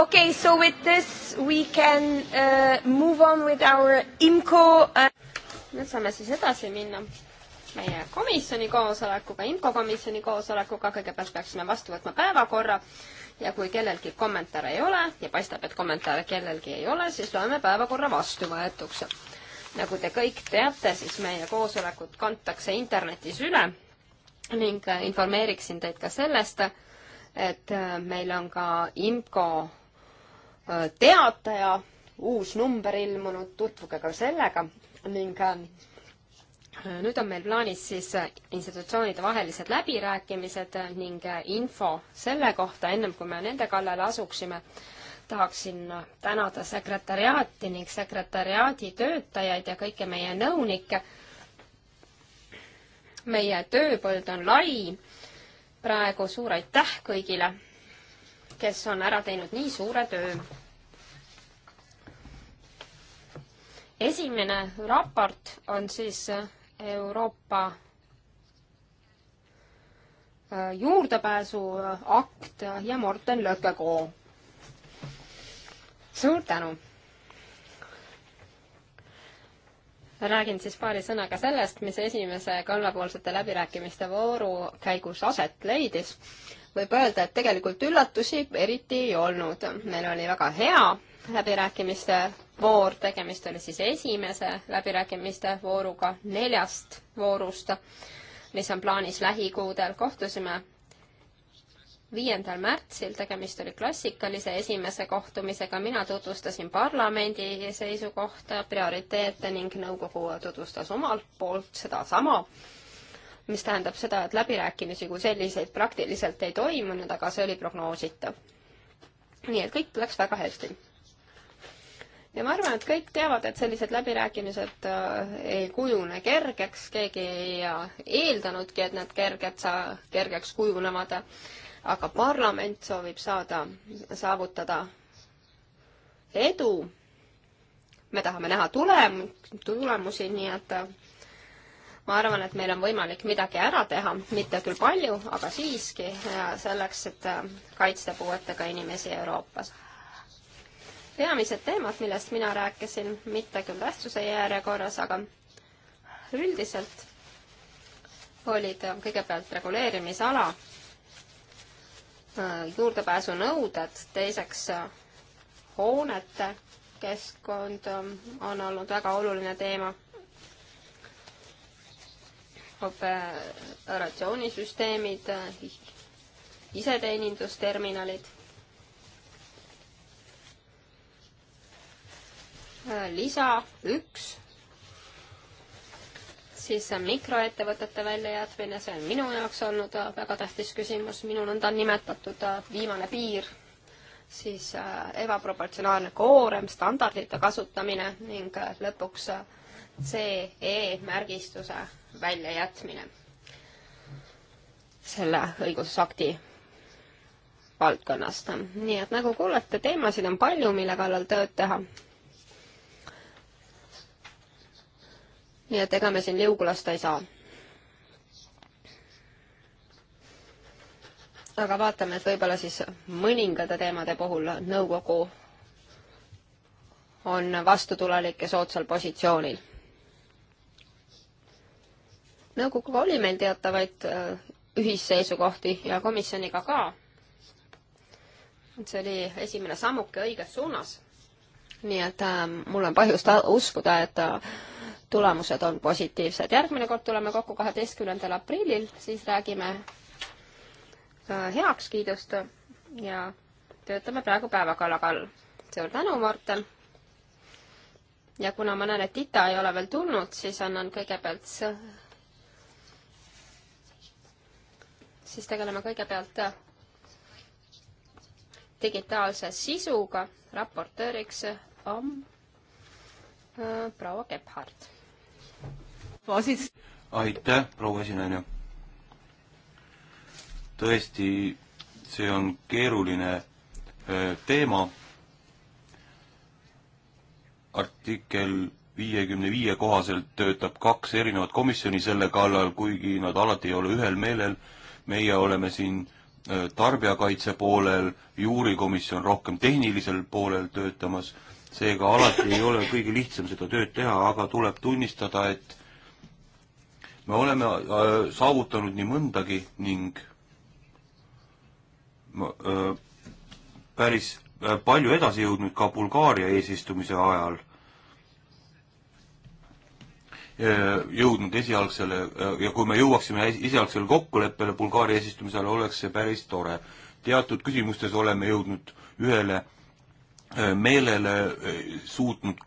Okay, so with this we can uh, move on with our IMCO uh.... nüüd saame siis edasi minna meie komisjoni koosolekuga, IMCO komisjoni koosolekuga, kõigepealt peaksime vastu võtma päevakorra ja kui kellelgi kommentaare ei ole ja paistab, et kommentaare kellelgi ei ole, siis loeme päevakorra vastuvõetuks. nagu te kõik teate, siis meie koosolekud kantakse internetis üle ning informeeriksin teid ka sellest, et äh, meil on ka IMCO Äh, teataja uus number ilmunud, tutvuge ka sellega ning äh, äh, nüüd on meil plaanis siis institutsioonide vahelised läbirääkimised ning info selle kohta, ennem kui me nende kallale asuksime, tahaksin tänada sekretäriaati ning sekretäriaadi töötajaid ja kõiki meie nõunikke. meie tööpõld on lai praegu, suur aitäh kõigile kes on ära teinud nii suure töö. esimene raport on siis äh, Euroopa äh, juurdepääsuakt äh, ja Morten Lõkkekoo. suur tänu! räägin siis paari sõnaga sellest, mis esimese kallapoolsete läbirääkimiste vooru käigus aset leidis võib öelda, et tegelikult üllatusi eriti ei olnud. meil oli väga hea läbirääkimiste voor, tegemist oli siis esimese läbirääkimiste vooruga neljast voorust, mis on plaanis lähikuudel. kohtusime viiendal märtsil, tegemist oli klassikalise esimese kohtumisega, mina tutvustasin parlamendi seisukohta, prioriteete ning nõukogu tutvustas omalt poolt sedasama mis tähendab seda, et läbirääkimisi kui selliseid praktiliselt ei toimunud, aga see oli prognoositav. nii et kõik läks väga hästi. ja ma arvan, et kõik teavad, et sellised läbirääkimised äh, ei kujune kergeks, keegi ei äh, eeldanudki, et nad kerged sa-, kergeks kujunevad, aga parlament soovib saada, saavutada edu, me tahame näha tulem-, tulemusi, nii et äh, ma arvan, et meil on võimalik midagi ära teha, mitte küll palju, aga siiski, selleks, et äh, kaitsta puuetega inimesi Euroopas. peamised teemad, millest mina rääkisin, mitte küll tähtsuse järjekorras, aga üldiselt olid äh, kõigepealt reguleerimisala, äh, juurdepääsunõuded, teiseks hoonete keskkond on olnud väga oluline teema operatsioonisüsteemid, äh, äh, iseteenindusterminalid. Äh, lisa üks, siis mikroettevõtete väljajätmine, see on minu jaoks olnud väga tähtis küsimus, minu nõnda nimetatud viimane piir, siis ebaproportsionaalne koorem, standardite kasutamine ning lõpuks äh, CE märgistuse väljajätmine selle õigusakti valdkonnast. nii et nagu kuulete, teemasid on palju, mille kallal tööd teha. nii et ega me siin liugu lasta ei saa. aga vaatame, et võib-olla siis mõningate teemade puhul nõukogu on vastutulelik ja soodsal positsioonil nõukoguga oli meil teatavaid äh, ühisseisukohti ja komisjoniga ka. see oli esimene sammuke õiges suunas. nii et äh, mul on põhjust uskuda, et äh, tulemused on positiivsed. järgmine kord tuleme kokku kaheteistkümnendal aprillil, siis räägime äh, heakskiidust ja töötame praegu päevakalla kall. suur tänu, Martin! ja kuna ma näen, et Ita ei ole veel tulnud, siis annan kõigepealt siis tegeleme kõigepealt äh, digitaalse sisuga. raportööriks äh, on äh, proua Gebhard. aitäh, proua esinaine. tõesti, see on keeruline teema. artikkel viiekümne viie kohaselt töötab kaks erinevat komisjoni selle kallal, kuigi nad alati ei ole ühel meelel meie oleme siin äh, tarbijakaitse poolel, juurikomisjon rohkem tehnilisel poolel töötamas, seega alati ei ole kõige lihtsam seda tööd teha, aga tuleb tunnistada, et me oleme äh, saavutanud nii mõndagi ning äh, päris palju edasi jõudnud ka Bulgaaria eesistumise ajal Äh, jõudnud esialgsele äh, ja kui me jõuaksime esialgsele kokkuleppele Bulgaaria eesistumise ajal, oleks see päris tore. teatud küsimustes oleme jõudnud ühele äh, meelele, suutnud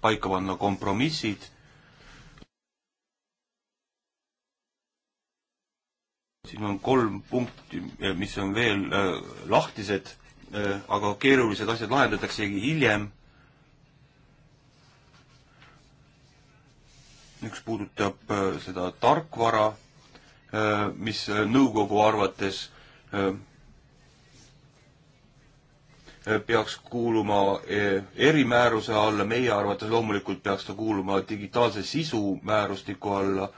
paika panna kompromissid siin on kolm punkti, mis on veel äh, lahtised äh,, aga keerulised asjad lahendataksegi hiljem. üks puudutab äh, seda tarkvara, äh, mis äh, nõukogu arvates peaks kuuluma erimääruse alla, meie arvates loomulikult peaks ta kuuluma digitaalse sisu määrustiku alla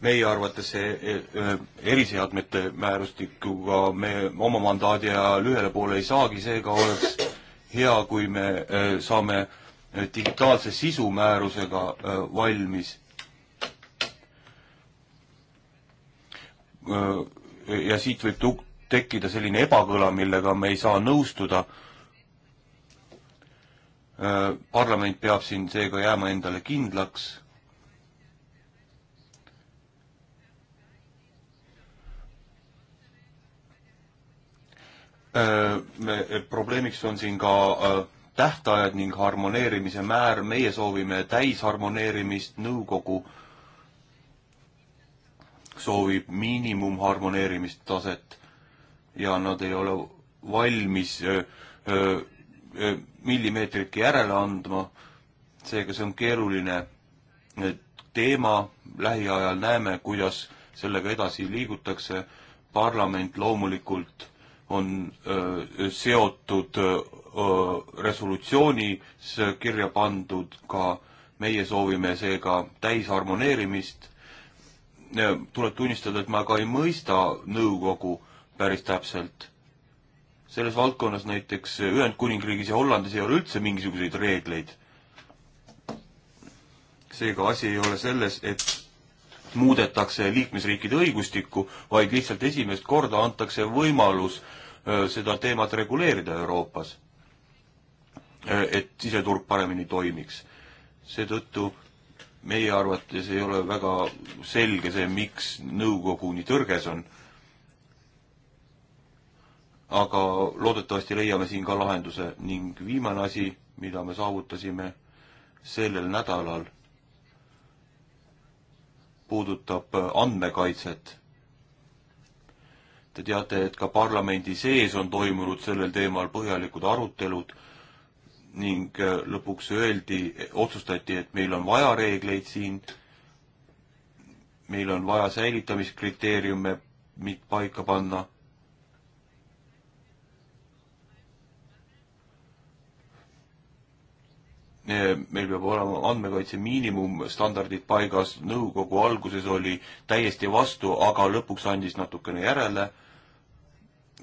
meie arvates see e, e, eriseadmete määrustikuga me oma mandaadi ajal ühele poole ei saagi, seega oleks hea, kui me e, saame digitaalse sisu määrusega valmis. ja siit võib tuk-, tekkida selline ebakõla, millega me ei saa nõustuda. parlament peab siin seega jääma endale kindlaks Äh, me, eh, probleemiks on siin ka äh, tähtajad ning harmoneerimise määr, meie soovime täisharmoneerimist, nõukogu soovib miinimumharmoneerimistaset ja nad ei ole valmis öö, äh, öö, millimeetritki järele andma, seega see on keeruline teema, lähiajal näeme, kuidas sellega edasi liigutakse, parlament loomulikult on öö, äh, seotud öö, äh, resolutsioonis kirja pandud ka meie soovime seega täisharmoneerimist. tuleb tunnistada, et ma ka ei mõista nõukogu päris täpselt. selles valdkonnas näiteks Ühendkuningriigis ja Hollandis ei ole üldse mingisuguseid reegleid. seega asi ei ole selles, et muudetakse liikmesriikide õigustikku, vaid lihtsalt esimest korda antakse võimalus äh, seda teemat reguleerida Euroopas. Äh, et siseturg paremini toimiks. seetõttu meie arvates ei ole väga selge see, miks nõukogu nii tõrges on. aga loodetavasti leiame siin ka lahenduse ning viimane asi, mida me saavutasime sellel nädalal puudutab äh, andmekaitset. Te teate, et ka parlamendi sees on toimunud sellel teemal põhjalikud arutelud ning äh, lõpuks öeldi, e, otsustati, et meil on vaja reegleid siin, meil on vaja säilitamiskriteeriume paika panna meil peab olema andmekaitse miinimumstandardid paigas, nõukogu alguses oli täiesti vastu, aga lõpuks andis natukene järele,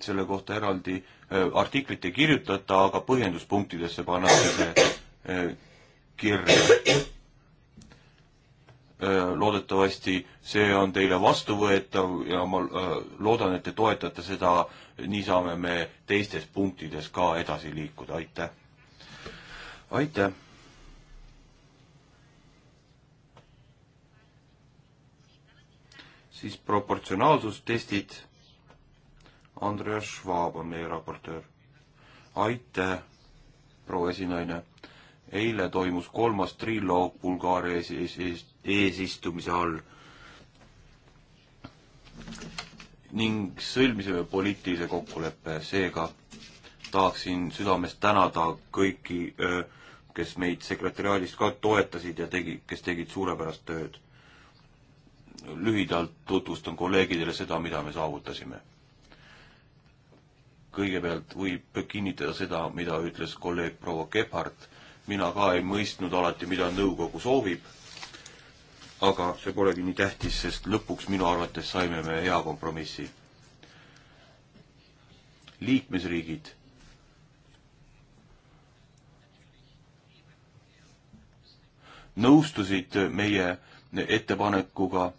selle kohta eraldi äh, artiklit ei kirjutata, aga põhjenduspunktidesse pannakse see äh, kirja. Äh, loodetavasti see on teile vastuvõetav ja ma loodan, et te toetate seda, nii saame me teistes punktides ka edasi liikuda, aitäh! aitäh! siis proportsionaalsustestid. Andreas Schwab on meie raportöör. aitäh, proua esinaine. eile toimus kolmas triloog Bulgaaria ees, ees, ees, eesistumise all ning sõlmisime poliitilise kokkuleppe, seega tahaksin südamest tänada kõiki, kes meid sekretäriaadist ka toetasid ja tegi, kes tegid suurepärast tööd lühidalt tutvustan kolleegidele seda, mida me saavutasime. kõigepealt võib kinnitada seda, mida ütles kolleeg proua Gebhardt, mina ka ei mõistnud alati, mida nõukogu soovib, aga see polegi nii tähtis, sest lõpuks minu arvates saime me hea kompromissi. liikmesriigid nõustusid meie ettepanekuga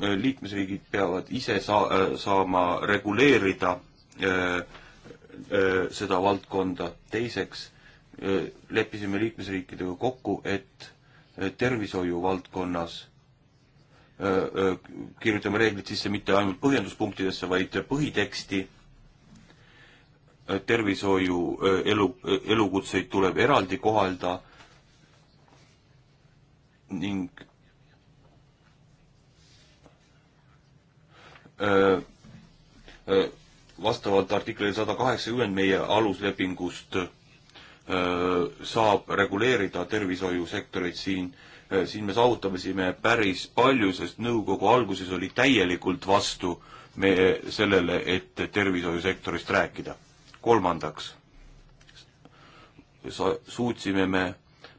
Äh, liikmesriigid peavad ise saa-, äh, saama reguleerida äh, seda valdkonda, teiseks leppisime liikmesriikidega kokku, et tervishoiu valdkonnas kirjutame reeglid sisse mitte ainult põhjenduspunktidesse, vaid põhiteksti, tervishoiu elu, elukutseid tuleb eraldi kohelda ning Äh, äh, vastavalt artiklile sada kaheksakümmend meie aluslepingust äh, saab reguleerida tervishoiusektorit siin, siin me saavutasime päris palju, sest nõukogu alguses oli täielikult vastu me sellele, et tervishoiusektorist rääkida. kolmandaks, suutsime me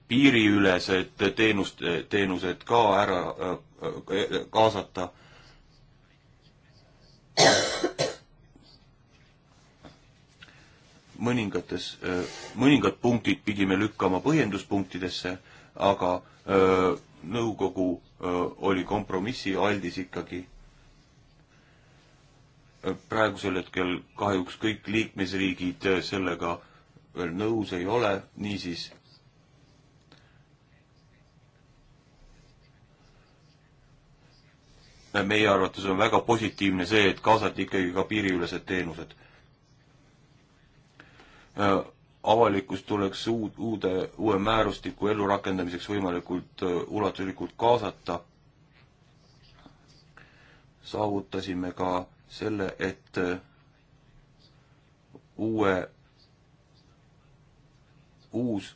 piiriülesed teenust, teenused ka ära kaasata mõningates, äh, mõningad punktid pidime lükkama põhjenduspunktidesse, aga öö, äh, nõukogu öö, äh, oli kompromissialdis ikkagi. praegusel hetkel kahjuks kõik liikmesriigid sellega veel nõus ei ole, niisiis meie arvates on väga positiivne see, et kaasati ikkagi ka piiriülesed teenused. Äh, avalikkus tuleks uud, uude, uue määrustiku ellurakendamiseks võimalikult äh, ulatuslikult kaasata. saavutasime ka selle, et äh, uue, uus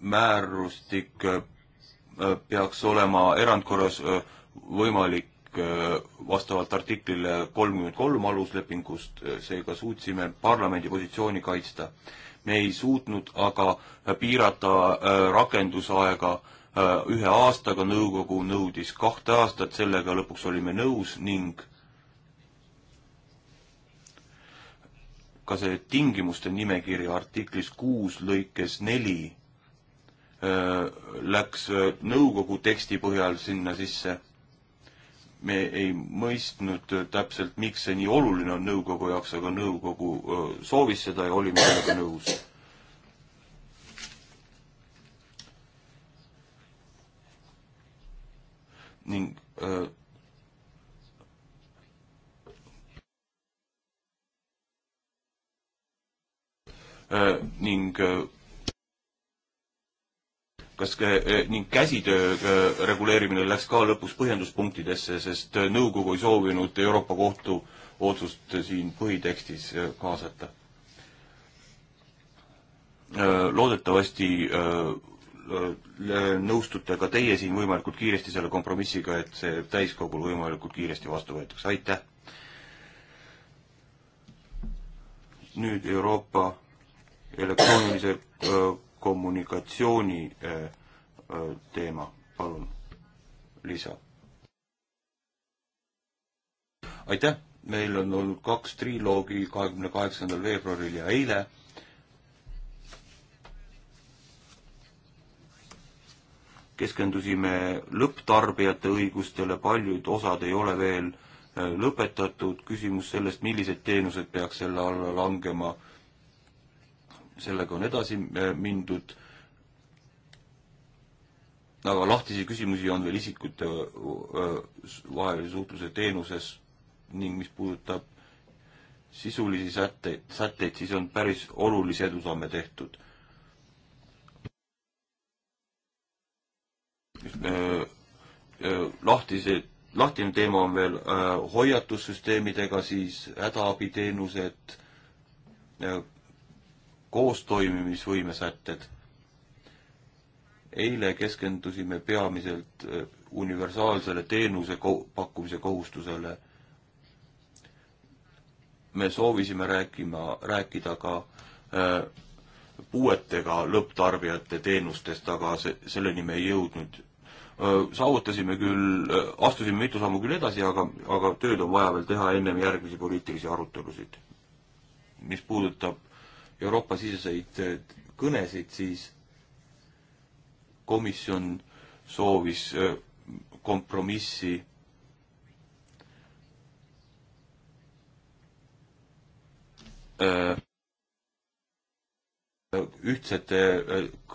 määrustik peaks olema erandkorras võimalik äh, vastavalt artiklile kolmkümmend kolm aluslepingust, äh, seega suutsime parlamendi positsiooni kaitsta. me ei suutnud aga piirata äh, rakendusaega ühe aastaga, nõukogu nõudis kahte aastat, sellega lõpuks olime nõus ning ka see tingimuste nimekirja artiklis kuus lõikes neli läks nõukogu teksti põhjal sinna sisse me ei mõistnud äh, täpselt, miks see nii oluline on nõukogu jaoks, aga nõukogu äh, soovis seda ja olime sellega nõus. ning öö, äh, öö, ning öö, kas äh, äh, ning käsitöö äh, reguleerimine läks ka lõpuks põhjenduspunktidesse, sest nõukogu ei soovinud Euroopa Kohtu otsust siin põhitekstis kaasata. loodetavasti nõustute ka teie siin võimalikult kiiresti selle kompromissiga, et see täiskogul võimalikult kiiresti vastu võetakse, aitäh! nüüd Euroopa elektroonilise kommunikatsiooni äh, äh, teema, palun, Liisa. aitäh, meil on olnud kaks triloogi kahekümne kaheksandal veebruaril ja eile. keskendusime lõpptarbijate õigustele, paljud osad ei ole veel äh, lõpetatud, küsimus sellest, millised teenused peaks selle alla langema sellega on edasi äh, mindud, aga lahtisi küsimusi on veel isikute äh, vahelise suhtluse teenuses ning mis puudutab sisulisi sätteid, sätteid, siis on päris olulisi edusamme tehtud. Äh, lahtised, lahtine teema on veel hoiatussüsteemidega, siis hädaabiteenused, koostoimimisvõime sätted. eile keskendusime peamiselt äh, universaalsele teenuse ko-, pakkumise kohustusele. me soovisime rääkima, rääkida ka äh, puuetega lõpptarbijate teenustest, aga see, selleni me ei jõudnud äh,. saavutasime küll äh,, astusime mitu sammu küll edasi, aga, aga tööd on vaja veel teha ennem järgmisi poliitilisi arutelusid. mis puudutab Euroopa-siseseid eh, kõnesid, siis komisjon soovis eh, kompromissi eh, ühtsete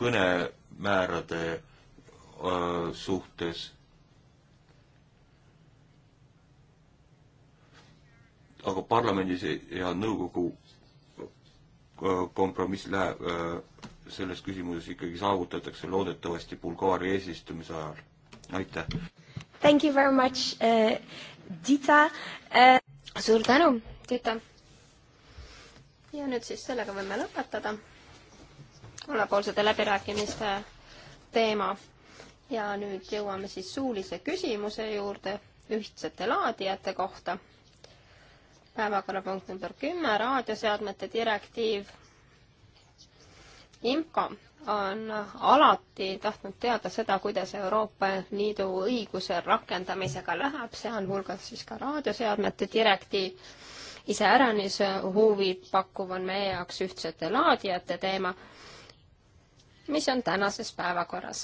kõnemäärade suhtes. aga parlamendis ja nõukogu kompromiss läheb, äh, selles küsimuses ikkagi saavutatakse loodetavasti Bulgaaria eesistumise ajal. aitäh! Thank you very much uh,, Dita uh...! suur tänu, Dita! ja nüüd siis sellega võime lõpetada omapoolsete läbirääkimiste teema ja nüüd jõuame siis suulise küsimuse juurde ühtsete laadijate kohta päevakorrapunkt number kümme, raadioseadmete direktiiv. IMCO on alati tahtnud teada seda, kuidas Euroopa Liidu õiguse rakendamisega läheb, sealhulgas siis ka raadioseadmete direktiiv. iseäranis huvi pakkuv on meie jaoks ühtsete laadijate teema, mis on tänases päevakorras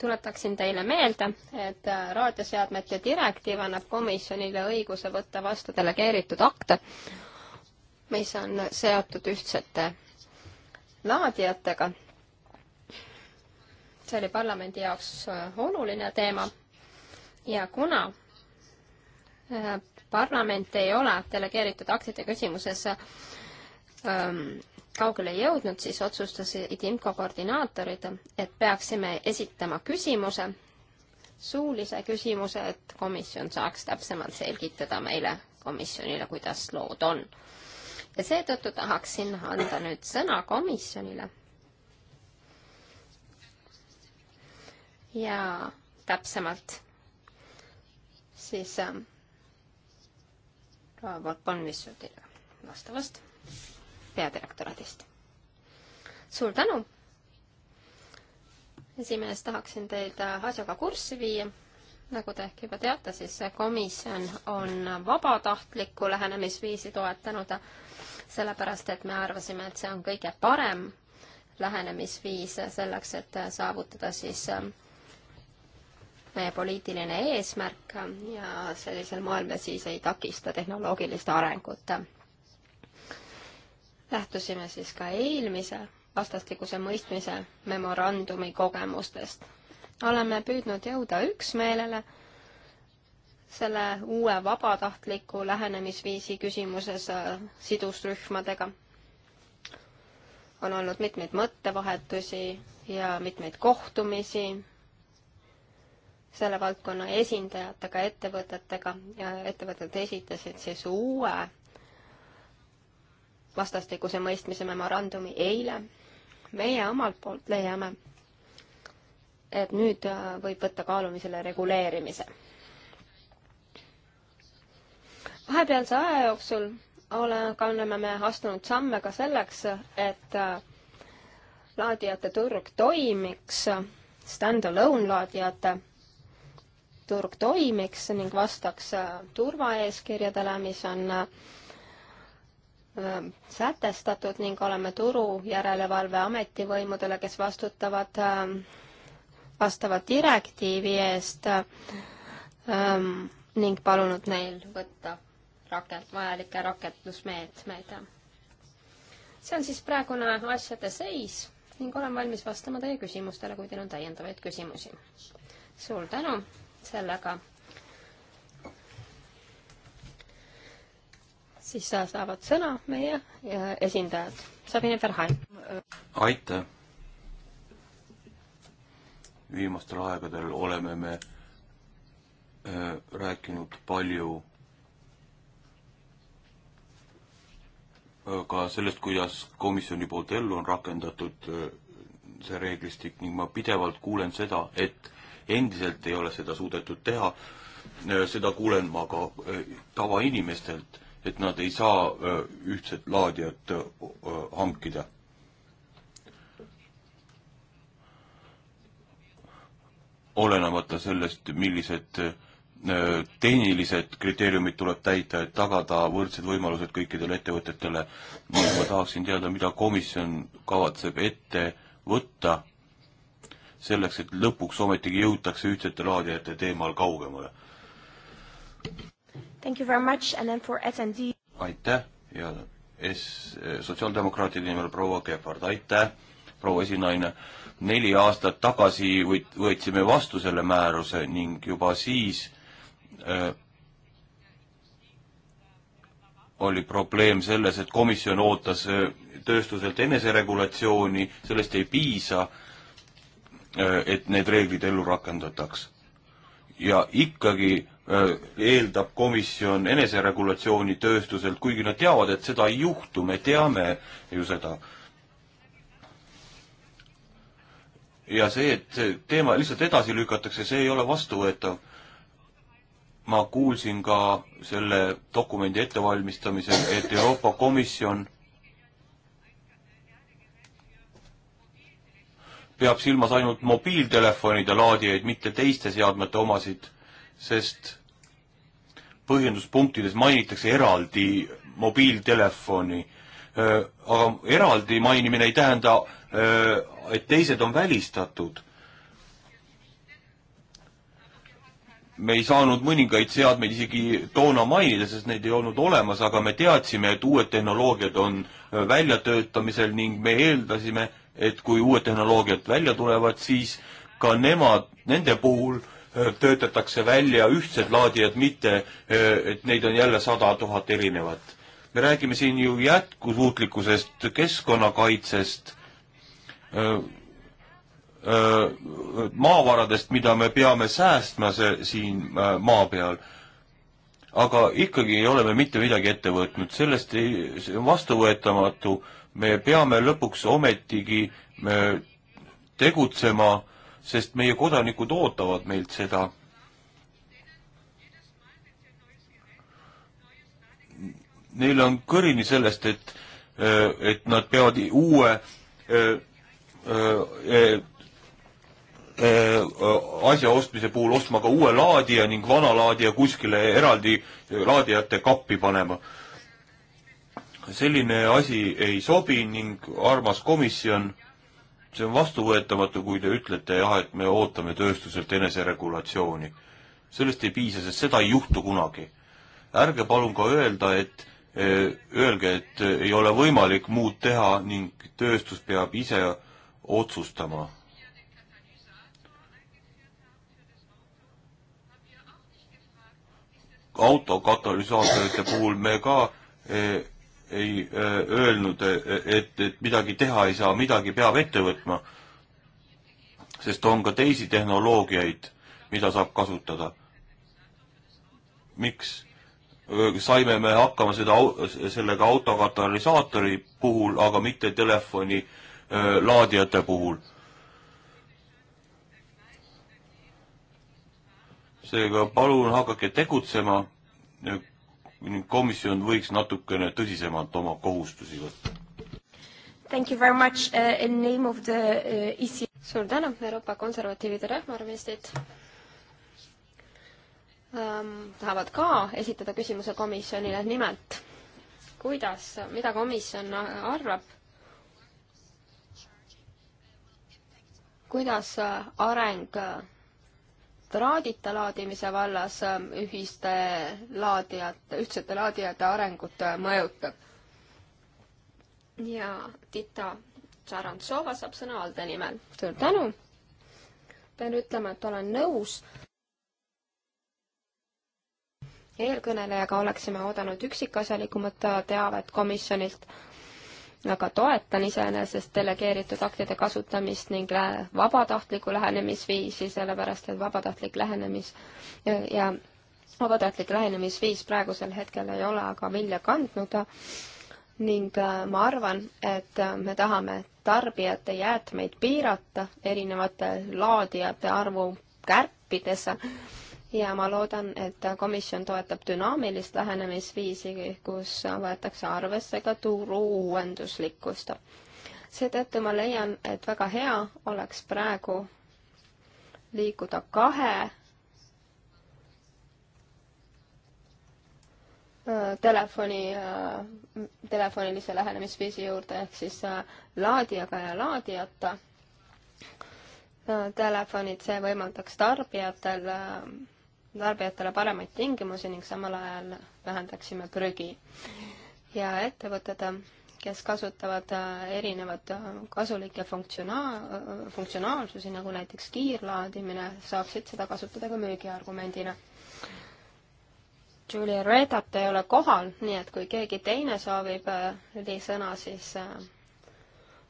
tuletaksin teile meelde, et äh, raadioseadmete direktiiv annab komisjonile õiguse võtta vastu delegeeritud akte, mis on seotud ühtsete laadijatega. see oli parlamendi jaoks äh, oluline teema ja kuna äh, parlament ei ole delegeeritud aktide küsimuses kaugele jõudnud, siis otsustasid IMCO koordinaatorid, et peaksime esitama küsimuse, suulise küsimuse, et komisjon saaks täpsemalt selgitada meile, komisjonile, kuidas lood on. ja seetõttu tahaksin anda nüüd sõna komisjonile. ja täpsemalt siis äh, Von Wissutile vastavast peadirektoraadist. suur tänu! esimees, tahaksin teid asjaga kurssi viia. nagu te ehk juba teate, siis see komisjon on vabatahtlikku lähenemisviisi toetanud, sellepärast et me arvasime, et see on kõige parem lähenemisviis selleks, et saavutada siis äh, meie poliitiline eesmärk ja sellisel moel me siis ei takista tehnoloogilist arengut lähtusime siis ka eelmise vastastikuse mõistmise memorandumi kogemustest. oleme püüdnud jõuda üksmeelele selle uue vabatahtliku lähenemisviisi küsimuses äh, sidusrühmadega. on olnud mitmeid mõttevahetusi ja mitmeid kohtumisi selle valdkonna esindajatega, ettevõtetega ja ettevõtted esitasid siis uue vastastikuse mõistmise memorandumi eile. meie omalt poolt leiame, et nüüd äh, võib võtta kaalumisele reguleerimise. vahepealse aja jooksul olega oleme me astunud samme ka selleks, et äh, laadijate turg toimiks, stand-alone laadijate turg toimiks ning vastaks äh, turvaeeskirjadele, mis on sätestatud ning oleme Turu Järelevalve Ametivõimudele, kes vastutavad vastava direktiivi eest ning palunud neil võtta rakend, vajalikke rakendusmeetmeid. see on siis praegune asjade seis ning olen valmis vastama teie küsimustele, kui teil on täiendavaid küsimusi. suur tänu, sellega siis saavad sõna meie äh, esindajad. Sabine Verhaen. aitäh! viimastel aegadel oleme me äh, rääkinud palju äh, ka sellest, kuidas komisjoni poolt ellu on rakendatud äh, see reeglistik ning ma pidevalt kuulen seda, et endiselt ei ole seda suudetud teha. Äh, seda kuulen ma ka äh, tavainimestelt et nad ei saa ühtset laadijat hankida. olenemata sellest, millised tehnilised kriteeriumid tuleb täita, et tagada võrdsed võimalused kõikidele ettevõtetele. ma tahaksin teada, mida komisjon kavatseb ette võtta selleks, et lõpuks ometigi jõutakse ühtsete laadijate teemal kaugemale. Thank you very much and then for SND. aitäh ja es-, eh, sotsiaaldemokraatide nimel proua Kehvard, aitäh, proua esinaine. neli aastat tagasi võit-, võtsime vastu selle määruse ning juba siis äh, oli probleem selles, et komisjon ootas eh, tööstuselt eneseregulatsiooni, sellest ei piisa, et need reeglid ellu rakendataks. ja ikkagi Äh, eeldab komisjon eneseregulatsiooni tööstuselt, kuigi nad teavad, et seda ei juhtu, me teame ju seda. ja see, et see teema lihtsalt edasi lükatakse, see ei ole vastuvõetav. ma kuulsin ka selle dokumendi ettevalmistamisel, et Euroopa Komisjon peab silmas ainult mobiiltelefonide laadijaid, mitte teiste seadmete omasid, sest põhjenduspunktides mainitakse eraldi mobiiltelefoni, aga eraldi mainimine ei tähenda, et teised on välistatud. me ei saanud mõningaid seadmeid isegi toona mainida, sest neid ei olnud olemas, aga me teadsime, et uued tehnoloogiad on väljatöötamisel ning me eeldasime, et kui uued tehnoloogiad välja tulevad, siis ka nemad, nende puhul äh, töötatakse välja ühtsed laadijad, mitte et neid on jälle sada tuhat erinevat. me räägime siin ju jätkusuutlikkusest, keskkonnakaitsest, maavaradest, mida me peame säästma see, siin maa peal, aga ikkagi ei ole me mitte midagi ette võtnud, sellest ei, see on vastuvõetamatu, me peame lõpuks ometigi me tegutsema sest meie kodanikud ootavad meilt seda. Neil on kõrini sellest, et, äh, et nad peavad uue äh, äh, asja ostmise puhul ostma ka uue laadija ning vana laadija kuskile eraldi laadijate kappi panema. selline asi ei sobi ning armas komisjon see on vastuvõetamatu, kui te ütlete jah, et me ootame tööstuselt eneseregulatsiooni. sellest ei piisa, sest seda ei juhtu kunagi. ärge palun ka öelda, et eh, öelge, et eh, ei ole võimalik muud teha ning tööstus peab ise otsustama. autokatalüsaatorite puhul me ka eh, ei äh, öelnud, äh, et, et midagi teha ei saa, midagi peab ette võtma. sest on ka teisi tehnoloogiaid, mida saab kasutada. miks saime me hakkama seda, sellega autokatalüsaatori puhul, aga mitte telefoni laadijate puhul? seega palun hakake tegutsema ning komisjon võiks natukene tõsisemalt oma kohustusi võtta. Thank you very much uh, in name of the uh, EC-. suur tänu, Euroopa Konservatiivide Rahvaarvestid ähm, um, tahavad ka esitada küsimuse komisjonile, nimelt kuidas, mida komisjon arvab, kuidas areng traadita laadimise vallas ähm, ühiste laadijate, ühtsete laadijate arengut äh, mõjutab. ja Tita Tšarantsova saab sõna Alde nimel. suur tänu! pean ütlema, et olen nõus. eelkõnelejaga oleksime oodanud üksikasjalikumat teavet komisjonilt aga toetan iseenesest delegeeritud aktide kasutamist ning vabatahtlikku lähenemisviisi, sellepärast et vabatahtlik lähenemis ja vabatahtlik lähenemisviis praegusel hetkel ei ole aga vilja kandnud ning äh, ma arvan, et äh, me tahame tarbijate jäätmeid piirata erinevate laadijate arvu kärpides ja ma loodan, et komisjon toetab dünaamilist lähenemisviisi, kus võetakse arvesse ka turu uuenduslikkust. seetõttu ma leian, et väga hea oleks praegu liikuda kahe äh, telefoni, äh, telefonilise lähenemisviisi juurde ehk siis äh, laadijaga ja laadijata telefonid, see võimaldaks tarbijatel tarbijatele paremaid tingimusi ning samal ajal vähendaksime prügi. ja ettevõtted, kes kasutavad äh, erinevat äh, kasulikke funktsionaal, äh, funktsionaalsusi, nagu näiteks kiirlaadimine, saaksid seda kasutada ka müügiargumendina. Julia Redat ei ole kohal, nii et kui keegi teine soovib sõna, siis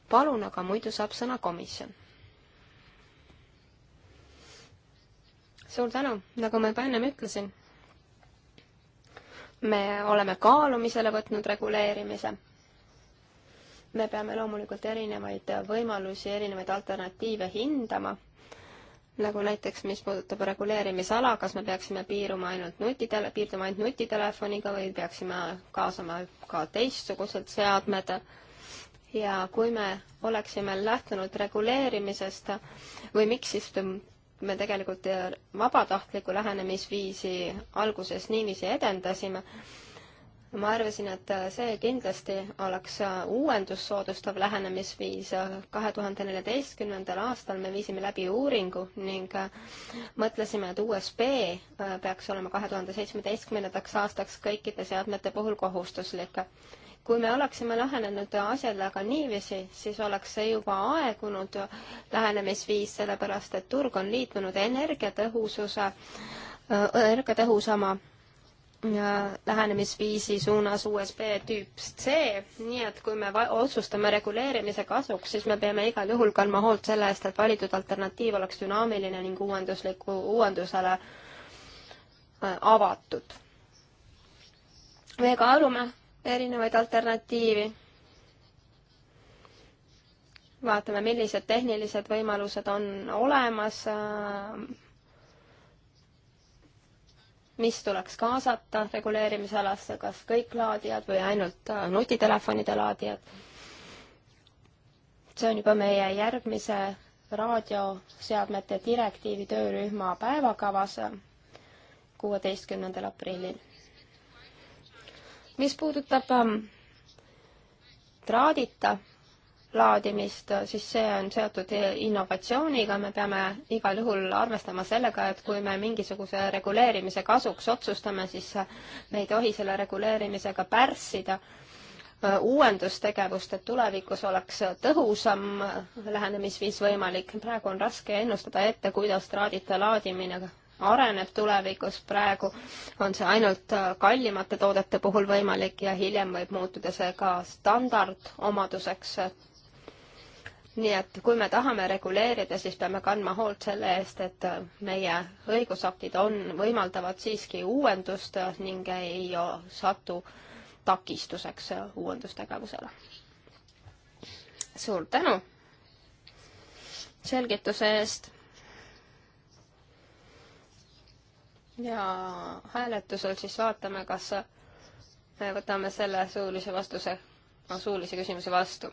palun, aga muidu saab sõna komisjon suur tänu, nagu ma juba ennem ütlesin, me oleme kaalumisele võtnud reguleerimise. me peame loomulikult erinevaid võimalusi, erinevaid alternatiive hindama, nagu näiteks, mis puudutab reguleerimisala, kas me peaksime piiruma ainult nutitele-, piirduma ainult nutitelefoniga või peaksime kaasama ka teistsugused seadmed ja kui me oleksime lähtunud reguleerimisest või miks siis me tegelikult vabatahtlikku lähenemisviisi alguses niiviisi edendasime. ma arvasin, et see kindlasti oleks uuendust soodustav lähenemisviis. kahe tuhande neljateistkümnendal aastal me viisime läbi uuringu ning mõtlesime, et USB peaks olema kahe tuhande seitsmeteistkümnendaks aastaks kõikide seadmete puhul kohustuslik kui me oleksime lähenenud asjale aga niiviisi, siis oleks see juba aegunud lähenemisviis, sellepärast et turg on liitunud energiatõhususe, energiatõhusama äh, lähenemisviisi suunas USB tüüp C, nii et kui me otsustame reguleerimise kasuks, siis me peame igal juhul kandma hoolt selle eest, et valitud alternatiiv oleks dünaamiline ning uuendusliku, uuendusele äh, avatud. me kaalume erinevaid alternatiivi. vaatame, millised tehnilised võimalused on olemas, mis tuleks kaasata reguleerimisalasse, kas kõik laadijad või ainult nutitelefonide laadijad. see on juba meie järgmise raadioseadmete direktiivi töörühma päevakavas kuueteistkümnendal aprillil mis puudutab ähm, traadita laadimist, siis see on seotud äh, innovatsiooniga, me peame igal juhul arvestama sellega, et kui me mingisuguse reguleerimise kasuks otsustame, siis äh, me ei tohi selle reguleerimisega pärssida äh, uuendustegevust, et tulevikus oleks tõhusam lähenemisviis võimalik. praegu on raske ennustada ette, kuidas traadita laadimine areneb tulevikus, praegu on see ainult äh, kallimate toodete puhul võimalik ja hiljem võib muutuda see ka standardomaduseks. nii et kui me tahame reguleerida, siis peame kandma hoolt selle eest, et äh, meie õigusaktid on, võimaldavad siiski uuendust ning ei satu takistuseks äh, uuendustegevusele. suur tänu selgituse eest ja hääletusel siis vaatame, kas me võtame selle suulise vastuse, suulise küsimuse vastu.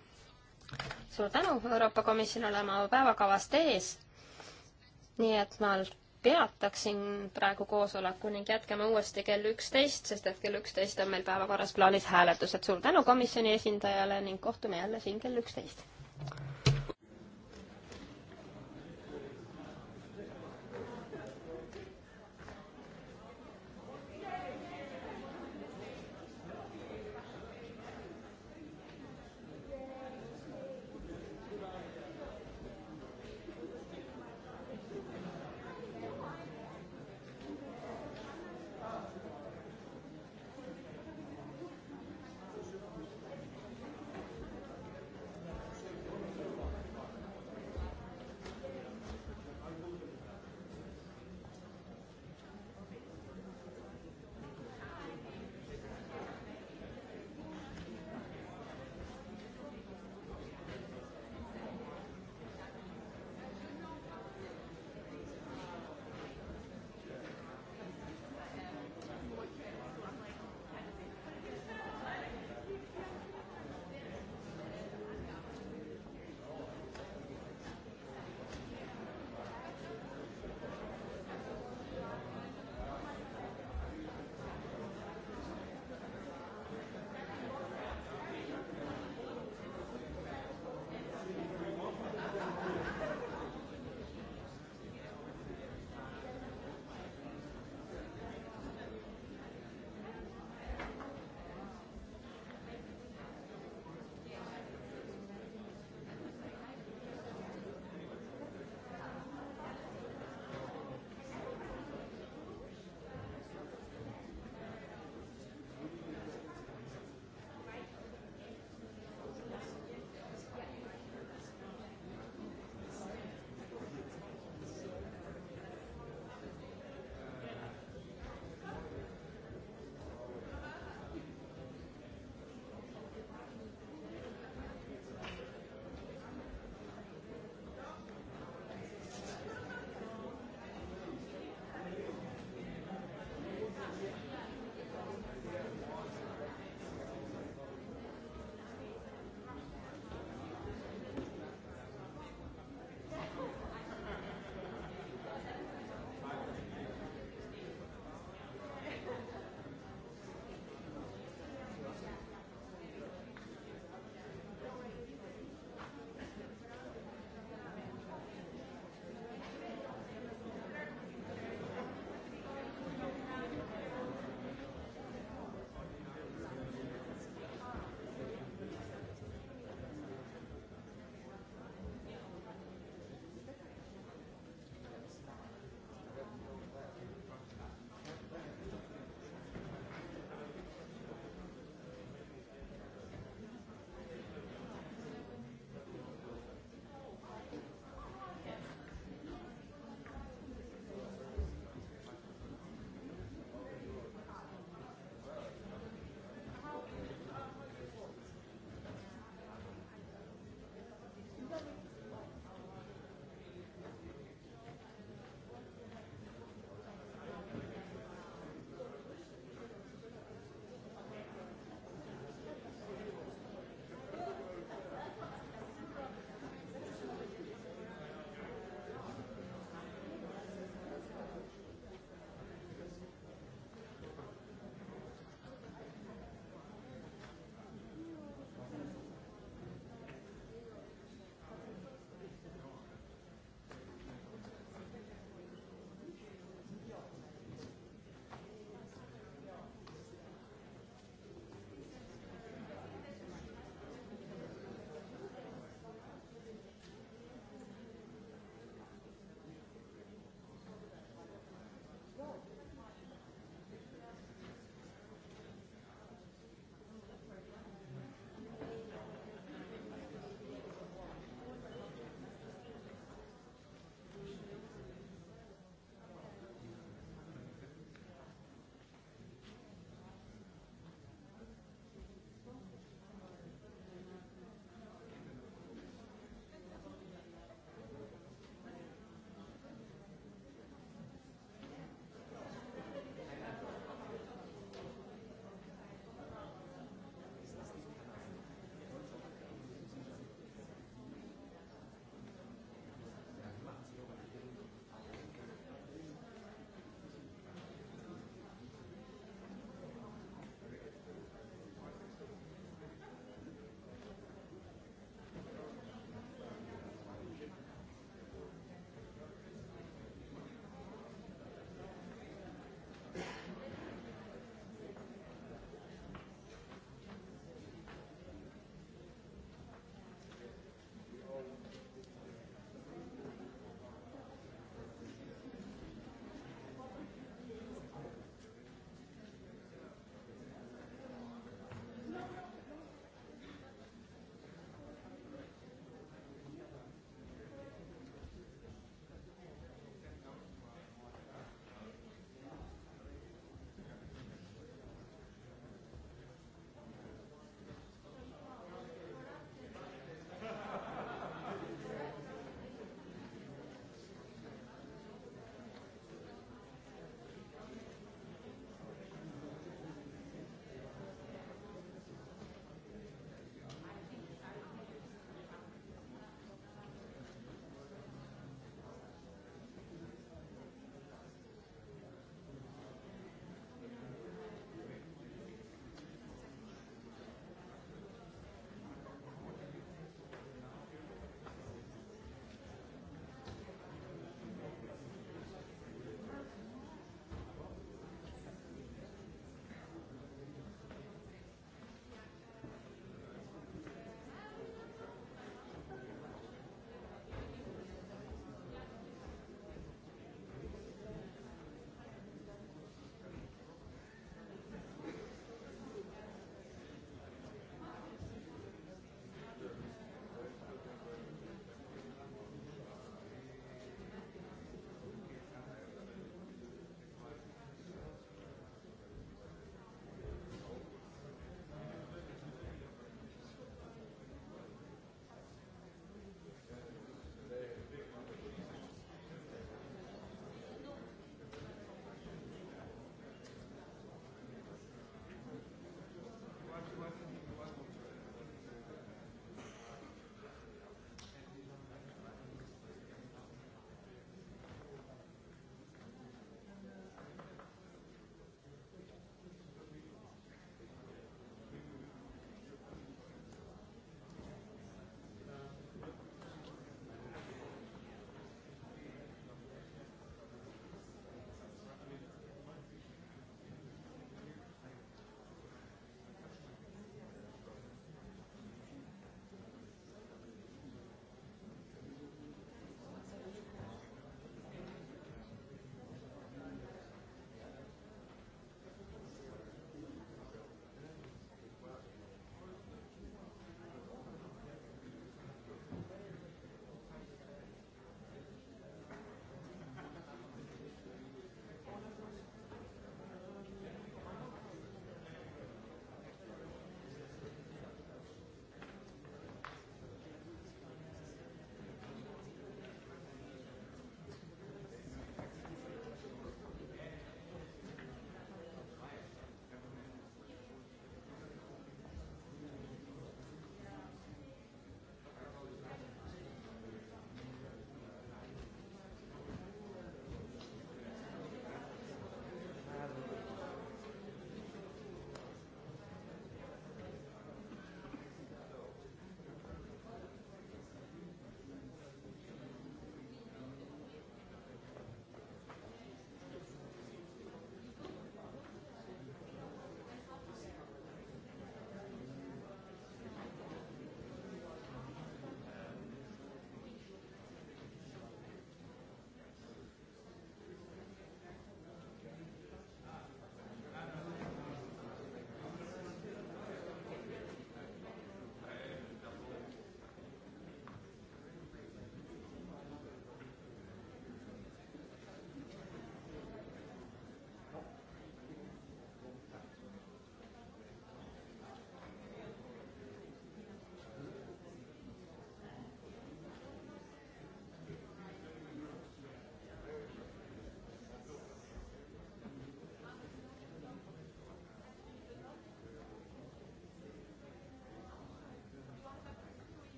suur tänu, Euroopa Komisjon olema päevakavast ees. nii et ma peataksin praegu koosoleku ning jätkame uuesti kell üksteist, sest et kell üksteist on meil päevakorras plaanis hääletused. suur tänu komisjoni esindajale ning kohtume jälle siin kell üksteist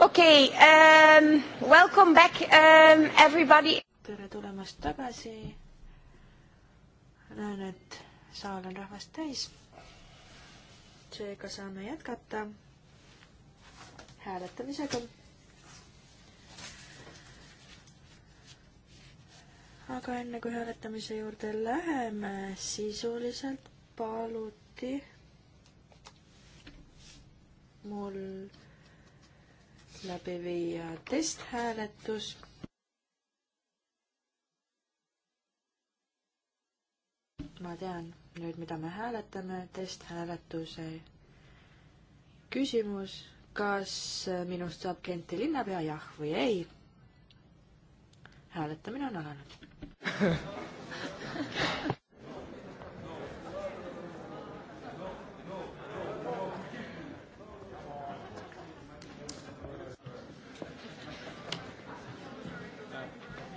okei okay, um,, welcome back um, everybody. tere tulemast tagasi. näen, et saal on rahvast täis. seega saame jätkata hääletamisega. aga enne kui hääletamise juurde läheme, sisuliselt paluti mul läbi viia testhääletus. ma tean nüüd, mida me hääletame, testhääletuse küsimus, kas minust saab Genti linnapea, jah või ei? hääletamine on alanud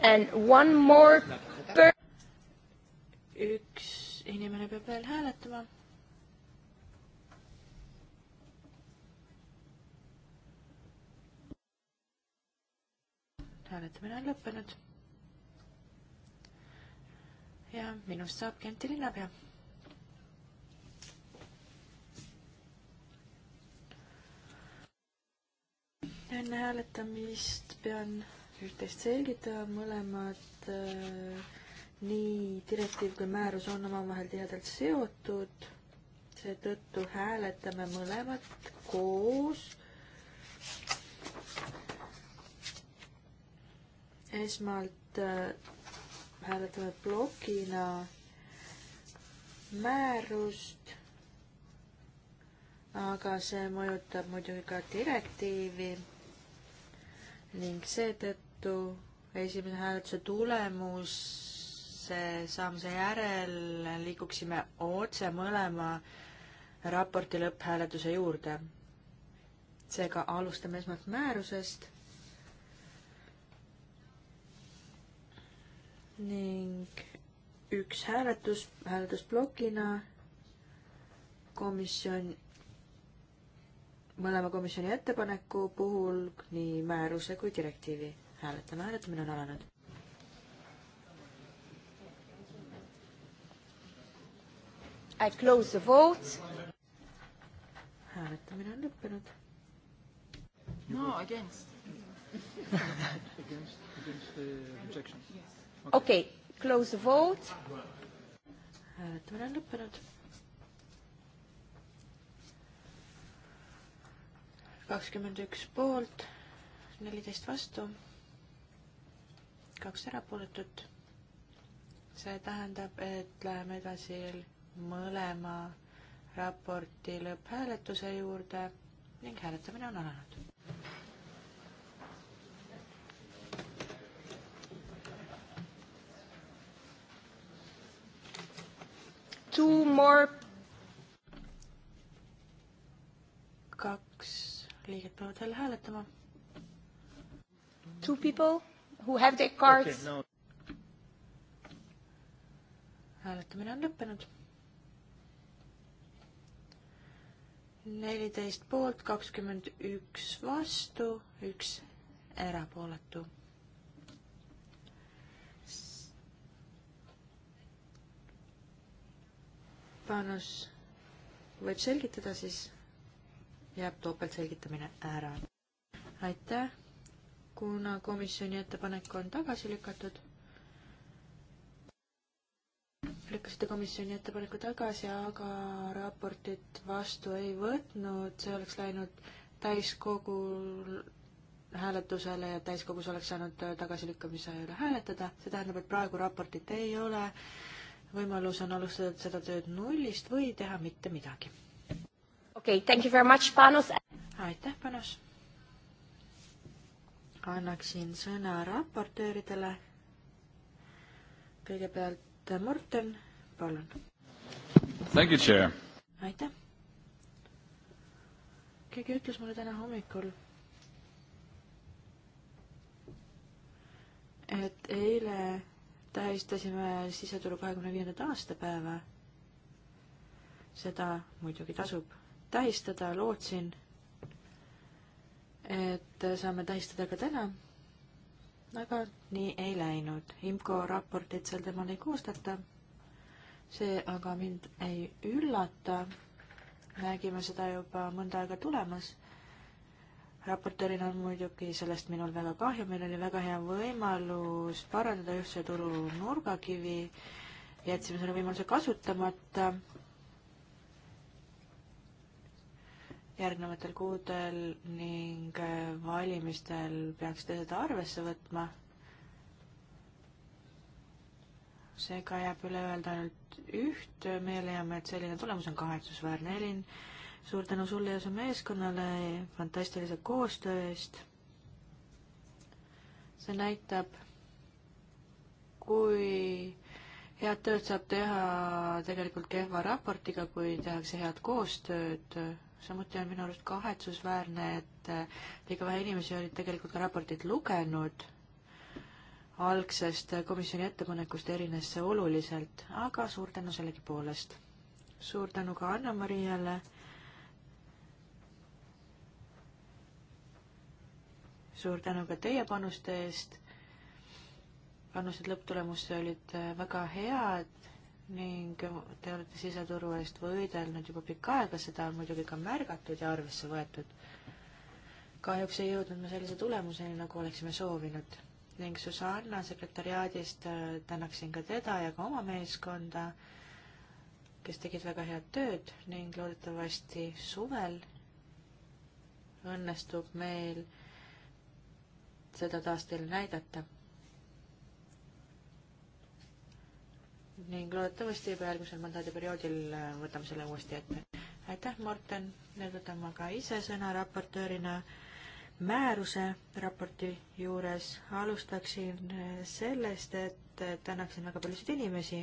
And one more per- üks inimene peab veel hääletama. hääletamine on lõppenud. ja minust saab Genti linnapea. enne hääletamist pean üht-teist selgitada, mõlemad äh, nii direktiiv kui määrus on omavahel tihedalt seotud, seetõttu hääletame mõlemat koos. esmalt äh, hääletame plokina määrust, aga see mõjutab muidugi ka direktiivi ning seetõttu Liidu esimese hääletuse tulemuse saamise järel liiguksime otse mõlema raporti lõpphääletuse juurde. seega alustame esmalt määrusest ning üks hääletus, hääletusplokina komisjon, mõlema komisjoni ettepaneku puhul nii määruse kui direktiivi hääletame, hääletamine on alanud. I close the vote. hääletamine on lõppenud. no against against, against the rejection yes.. okei okay. okay,, close the vote. hääletamine on lõppenud. kakskümmend üks poolt, neliteist vastu kaks erapooletut. see tähendab, et läheme edasi mõlema raporti lõpphääletuse juurde ning hääletamine on alanud. Two more. kaks liiget peavad veel hääletama. Two people who have their cards okay,. No. hääletamine on lõppenud. neliteist poolt, kakskümmend üks vastu, üks erapooletu. panus võib selgitada, siis jääb topeltselgitamine ära. aitäh kuna komisjoni ettepanek on tagasi lükatud. lükkasite komisjoni ettepaneku tagasi, aga raportit vastu ei võtnud, see oleks läinud täiskogul hääletusele ja täiskogus oleks saanud tagasilükkamise üle hääletada, see tähendab, et praegu raportit ei ole, võimalus on alustada seda tööd nullist või teha mitte midagi. okei okay,, thank you very much, Panos. aitäh, Panos annaksin sõna raportööridele. kõigepealt Morten, palun. aitäh. keegi ütles mulle täna hommikul, et eile tähistasime siseturu kahekümne viiendat aastapäeva. seda muidugi tasub tähistada, lootsin et saame tähistada ka täna, aga nii ei läinud. IMCO raportit sel teemal ei koostata. see aga mind ei üllata. nägime seda juba mõnda aega tulemas. raportöörina on muidugi sellest minul väga kahju, meil oli väga hea võimalus parandada ühtse turu nurgakivi. jätsime selle võimaluse kasutamata järgnevatel kuudel ning äh, valimistel peaksite seda arvesse võtma. seega jääb üle öelda ainult üht, meie leiame, et selline tulemus on kahetsusväärne, Elin. suur tänu sulle ja su meeskonnale fantastilise koostöö eest. see näitab, kui head tööd saab teha tegelikult kehva raportiga, kui tehakse head koostööd samuti on minu arust kahetsusväärne, et äh, liiga vähe inimesi olid tegelikult ka raportit lugenud. algsest komisjoni ettepanekust erines see oluliselt, aga suur tänu sellegipoolest. suur tänu ka Anna-Mariale. suur tänu ka teie panuste eest. panused lõpptulemusse olid äh, väga head ning te olete siseturu eest võidelnud juba pikka aega, seda on muidugi ka märgatud ja arvesse võetud. kahjuks ei jõudnud me sellise tulemuseni, nagu oleksime soovinud ning Susanna sekretariaadist äh, tänaksin ka teda ja ka oma meeskonda, kes tegid väga head tööd ning loodetavasti suvel õnnestub meil seda taas teile näidata ning loodetavasti juba järgmisel mandaadiperioodil äh, võtame selle uuesti ette. aitäh, Martin, nüüd võtan ma ka ise sõna raportöörina määruse raporti juures. alustaksin äh, sellest, et äh, tänaksin väga paljusid inimesi.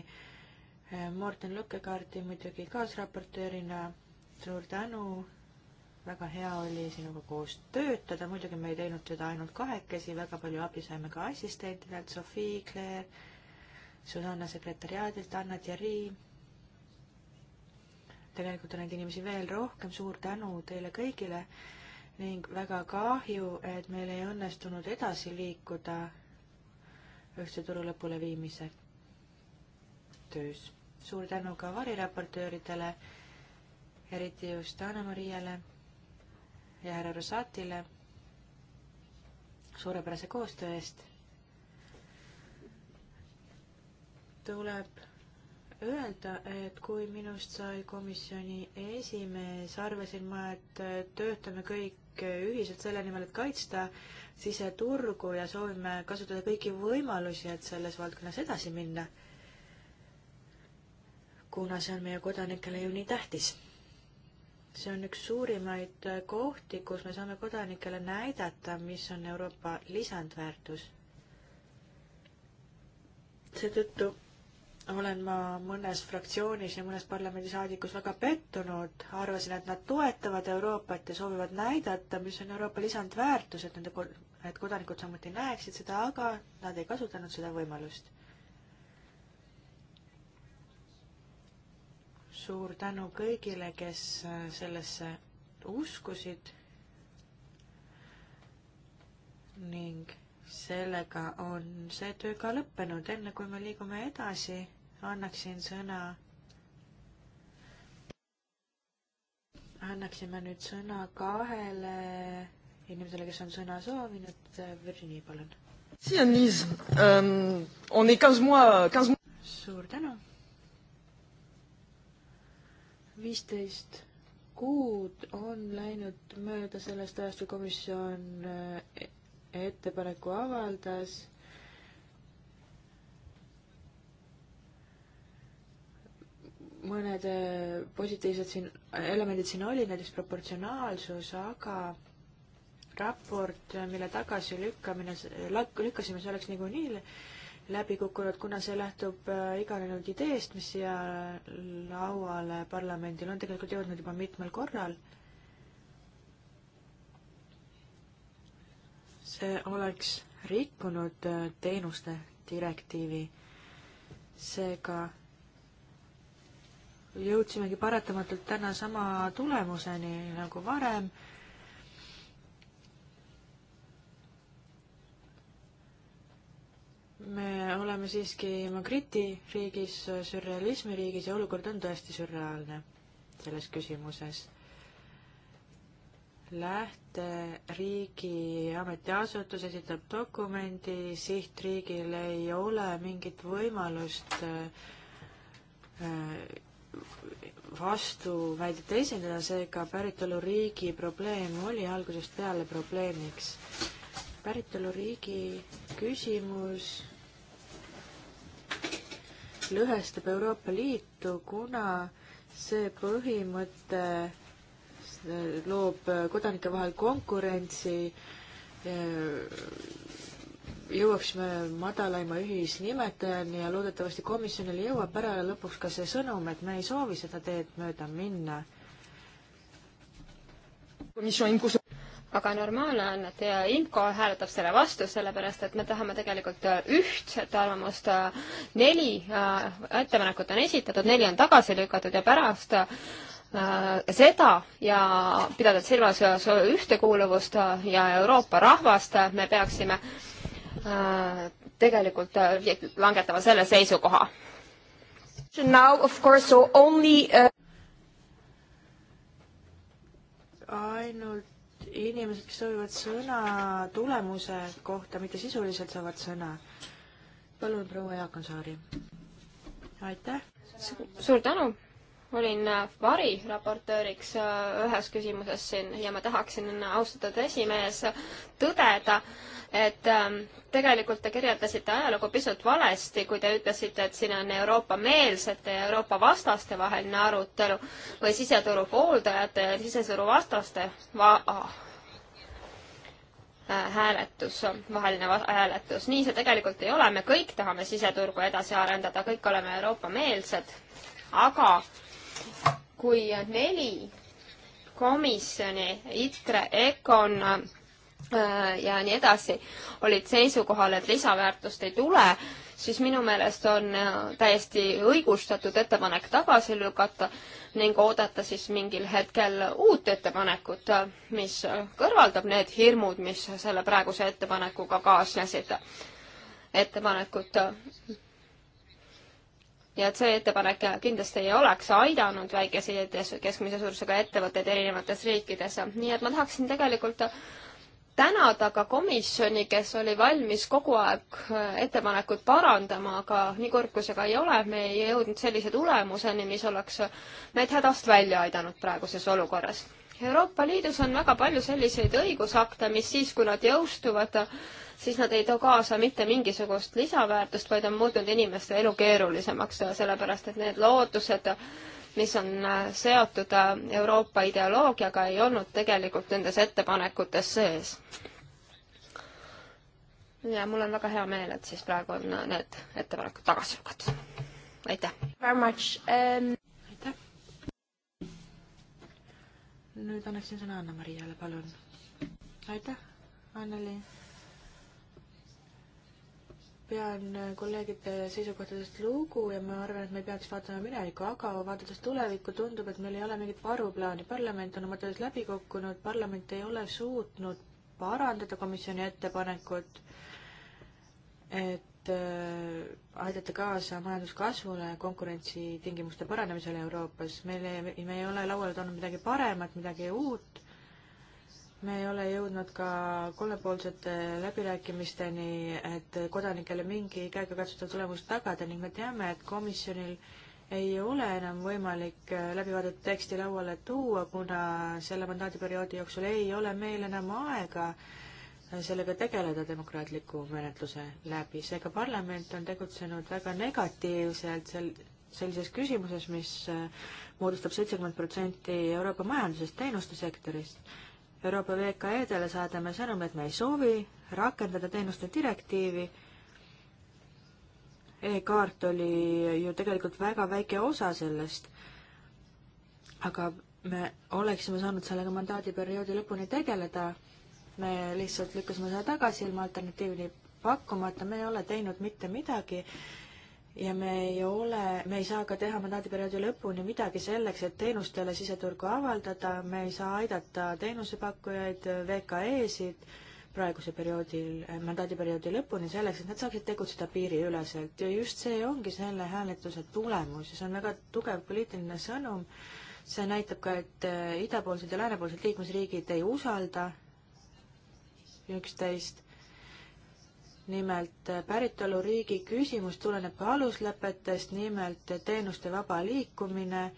Morten Lukkekaarti muidugi kaasraportöörina, suur tänu, väga hea oli sinuga koos töötada, muidugi me ei teinud seda ainult kahekesi, väga palju abi saime ka assistentidelt, Sofii, Claire Susanna sekretäriaadist, Anna Thierry. tegelikult on neid inimesi veel rohkem, suur tänu teile kõigile ning väga kahju, et meil ei õnnestunud edasi liikuda ühtse turu lõpuleviimise töös. suur tänu ka variraportööridele, eriti just Anna-Mariale ja härra Rosatile suurepärase koostöö eest tuleb öelda, et kui minust sai komisjoni esimees, arvasin ma, et töötame kõik ühiselt selle nimel, et kaitsta siseturgu ja soovime kasutada kõiki võimalusi, et selles valdkonnas edasi minna. kuna see on meie kodanikele ju nii tähtis. see on üks suurimaid kohti, kus me saame kodanikele näidata, mis on Euroopa lisandväärtus. seetõttu olen ma mõnes fraktsioonis ja mõnes parlamendisaadikus väga pettunud, arvasin, et nad toetavad Euroopat ja soovivad näidata, mis on Euroopa lisandväärtus, et nende, et kodanikud samuti näeksid seda, aga nad ei kasutanud seda võimalust. suur tänu kõigile, kes äh, sellesse uskusid ning sellega on see töö ka lõppenud, enne kui me liigume edasi annaksin sõna annaksime nüüd sõna kahele inimesele, kes on sõna soovinud. Virginie, palun. Euh, suur tänu. viisteist kuud on läinud mööda sellest ajast, kui komisjon euh, e-, ettepaneku avaldas mõned äh, positiivsed siin, elemendid siin olid, näiteks proportsionaalsus, aga raport, mille tagasilükkamine, lükkasime, see oleks niikuinii läbi kukkunud, kuna see lähtub äh, iganenud ideest, mis siia lauale parlamendil on tegelikult jõudnud juba mitmel korral. see oleks rikkunud äh, teenuste direktiivi, seega jõudsimegi paratamatult täna sama tulemuseni nagu varem. me oleme siiski Magriti riigis, sürrealismi riigis ja olukord on tõesti sürreaalne selles küsimuses. lähteriigi ametiasutus esitab dokumendi, sihtriigil ei ole mingit võimalust äh, vastuväidet esineda, seega päritoluriigi probleem oli algusest peale probleemiks. päritoluriigi küsimus lõhestab Euroopa Liitu, kuna see põhimõte loob kodanike vahel konkurentsi jõuaksime madalaima ühisnimetajani ja loodetavasti komisjonil jõuab ära lõpuks ka see sõnum, et me ei soovi seda teed mööda minna. aga normaalne on, et IMCO hääletab selle vastu, sellepärast et me tahame tegelikult ühtset arvamust. neli äh, ettepanekut on esitatud, neli on tagasi lükatud ja pärast äh, seda ja pidades silmas ühtekuuluvust ja Euroopa rahvast, me peaksime äh, Äh, tegelikult äh, langetama selle seisukoha. Now of course so only uh... ainult inimesed, kes soovivad sõna tulemuse kohta, mitte sisuliselt saavad sõna. palun, proua Jaakonsaari. aitäh Su. suur tänu. olin variraportööriks ühes küsimuses siin ja ma tahaksin austatud esimees tõdeda, et ähm, tegelikult te kirjeldasite ajalugu pisut valesti, kui te ütlesite, et siin on Euroopa-meelsete ja Euroopa-vastaste vaheline arutelu või siseturu pooldajate ja siseturu vastaste va ah, hääletus, vaheline va hääletus. nii see tegelikult ei ole, me kõik tahame siseturgu edasi arendada, kõik oleme Euroopa-meelsed, aga kui neli komisjoni, ITRE, EKON, Äh, ja nii edasi, olid seisukohal, et lisaväärtust ei tule, siis minu meelest on äh, täiesti õigustatud ettepanek tagasi lükata ning oodata siis mingil hetkel uut ettepanekut, äh, mis kõrvaldab need hirmud, mis selle praeguse ettepanekuga kaasnesid. ettepanekut ja et see ettepanek kindlasti ei oleks aidanud väikese ja keskmise suurusega ettevõtteid erinevates riikides. nii et ma tahaksin tegelikult tänada ka komisjoni, kes oli valmis kogu aeg äh, ettepanekut parandama, aga nii kurb kui see ka ei ole, me ei jõudnud sellise tulemuseni, mis oleks meid hädast välja aidanud praeguses olukorras. Euroopa Liidus on väga palju selliseid õigusakte, mis siis, kui nad jõustuvad, siis nad ei too kaasa mitte mingisugust lisaväärtust, vaid on muutnud inimeste elu keerulisemaks, sellepärast et need lootused, mis on äh, seotud äh, Euroopa ideoloogiaga, ei olnud tegelikult nendes ettepanekutes sees. ja mul on väga hea meel, et siis praegu on äh, need ettepanekud tagasi lükatud. aitäh! Um... aitäh! nüüd annaksin sõna Anna-Mariale, palun. aitäh, Anneli pean äh, kolleegide seisukohtadest lugu ja ma arvan, et me ei peaks vaatama minevikku, aga vaadates tulevikku, tundub, et meil ei ole mingit varuplaani. parlament on oma töös läbi kukkunud, parlament ei ole suutnud parandada komisjoni ettepanekut, et äh, aidata kaasa majanduskasvule, konkurentsitingimuste paranemisele Euroopas. meil ei, me ei ole lauale toonud midagi paremat, midagi uut me ei ole jõudnud ka kolmepoolsete läbirääkimisteni, et kodanikele mingi käegakatsutav tulemus tagada ning me teame, et komisjonil ei ole enam võimalik läbivaadet teksti lauale tuua, kuna selle mandaadiperioodi jooksul ei ole meil enam aega sellega tegeleda demokraatliku menetluse läbi. seega parlament on tegutsenud väga negatiivselt sel-, sellises küsimuses, mis moodustab seitsekümmend protsenti Euroopa majandusest, teenuste sektorist Euroopa VKE-dele saadame sõnumi, et me ei soovi rakendada teenuste direktiivi e. e-kaart oli ju tegelikult väga väike osa sellest, aga me oleksime saanud sellega mandaadiperioodi lõpuni tegeleda, me lihtsalt lükkasime selle tagasi ilma alternatiivini pakkumata, me ei ole teinud mitte midagi ja me ei ole, me ei saa ka teha mandaadiperioodi lõpuni midagi selleks, et teenustele siseturgu avaldada, me ei saa aidata teenusepakkujaid, VKE-sid praeguse perioodil, mandaadiperioodi lõpuni selleks, et nad saaksid tegutseda piiriüleselt ja just see ongi selle hääletuse tulemus ja see on väga tugev poliitiline sõnum. see näitab ka, et äh, idapoolsed ja läänepoolsed liikmesriigid ei usalda üksteist nimelt päritoluriigi küsimus tuleneb ka aluslepetest, nimelt teenuste vaba liikumine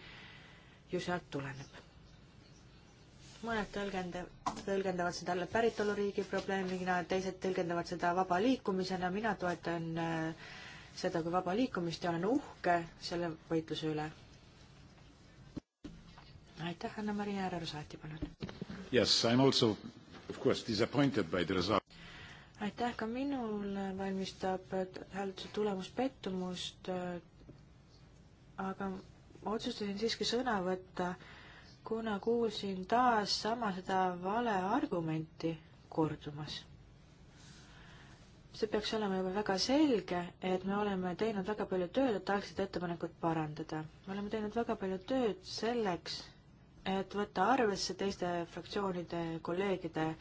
ju sealt tuleneb. mõned tõlgenda-, tõlgendavad seda jälle päritoluriigi probleemina, teised tõlgendavad seda vaba liikumisena, mina toetan äh, seda kui vaba liikumist ja olen uhke selle võitluse üle. aitäh, Anna-Maria Järvel-Saati, palun! Yes, I am also of course disappointed by the result aitäh, ka minul valmistab hääletuse tulemus pettumust, aga otsustasin siiski sõna võtta, kuna kuulsin taas sama seda valeargumenti kordumas. see peaks olema juba väga selge, et me oleme teinud väga palju tööd, et tahaksid ettepanekut parandada. me oleme teinud väga palju tööd selleks, et võtta arvesse teiste fraktsioonide kolleegide äh,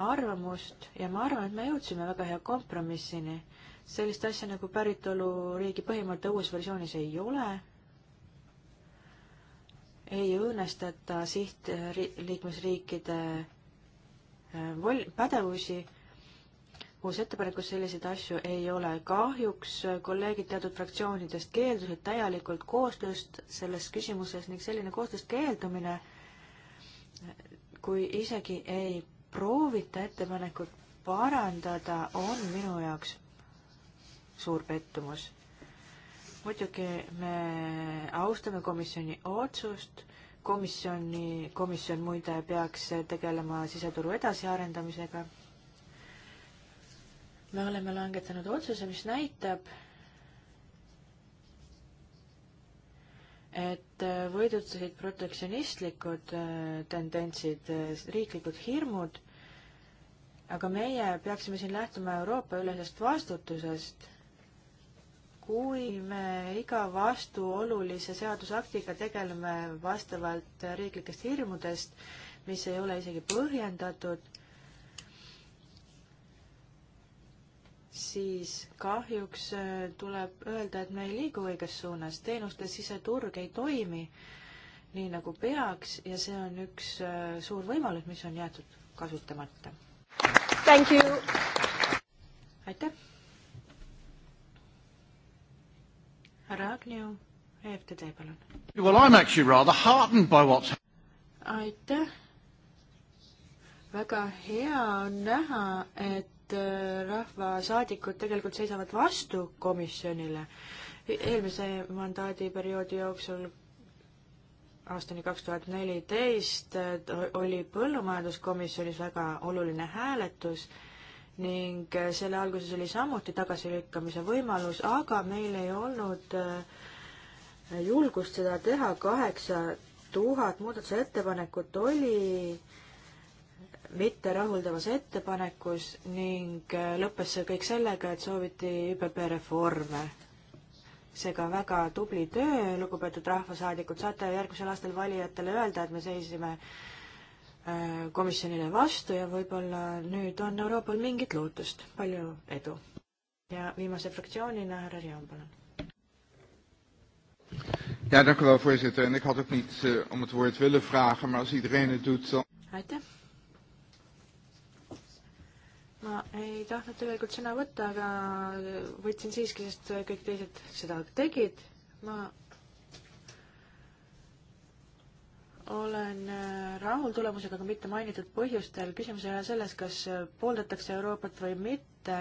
arvamust ja ma arvan, et me jõudsime väga hea kompromissini. sellist asja nagu päritoluriigi põhimõte uues versioonis ei ole. ei õõnestata sihtliikmesriikide äh, vol-, pädevusi. uus ettepanekus selliseid asju ei ole. kahjuks äh, kolleegid teatud fraktsioonidest keeldusid täielikult koostööst selles küsimuses ning selline koostööst keeldumine äh, kui isegi ei proovite ettepanekut parandada, on minu jaoks suur pettumus. muidugi me austame komisjoni otsust, komisjoni, komisjon muide peaks tegelema siseturu edasiarendamisega. me oleme langetanud otsuse, mis näitab, et äh, võidutsesid protektsionistlikud äh, tendentsid, äh, riiklikud hirmud, aga meie peaksime siin lähtuma Euroopa ülesest vastutusest. kui me iga vastuolulise seadusaktiga tegeleme vastavalt riiklikest hirmudest, mis ei ole isegi põhjendatud siis kahjuks äh, tuleb öelda, et me ei liigu õiges suunas, teenuste siseturg ei toimi nii nagu peaks ja see on üks äh, suur võimalus, mis on jäetud kasutamata. aitäh. härra Agnew, EFTD palun. Well I am actually rather heartened by what aitäh. väga hea on näha, et et äh, rahvasaadikud tegelikult seisavad vastu komisjonile. E-, eelmise mandaadiperioodi jooksul aastani kaks tuhat neliteist äh, oli põllumajanduskomisjonis väga oluline hääletus ning äh, selle alguses oli samuti tagasilükkamise võimalus, aga meil ei olnud julgust seda teha, kaheksa tuhat muudatusettepanekut oli mitterahuldavas ettepanekus ning äh, lõppes see kõik sellega, et sooviti ÜPP reforme. seega väga tubli töö, lugupeetud rahvasaadikud, saate järgmisel aastal valijatele öelda, et me seisime äh, komisjonile vastu ja võib-olla nüüd on Euroopal mingit lootust. palju edu! ja viimase fraktsioonina härra Rion, palun. Ja, dank u wel, voorzitter. En ik had ook niet uh, om het woord willen vragen, maar als iedereen het doet, dan... Aitäh ma ei tahtnud tegelikult sõna võtta, aga võtsin siiski, sest kõik teised seda tegid. ma olen äh, rahul tulemusega, aga mitte mainitud põhjustel. küsimus ei ole selles, kas pooldatakse Euroopat või mitte,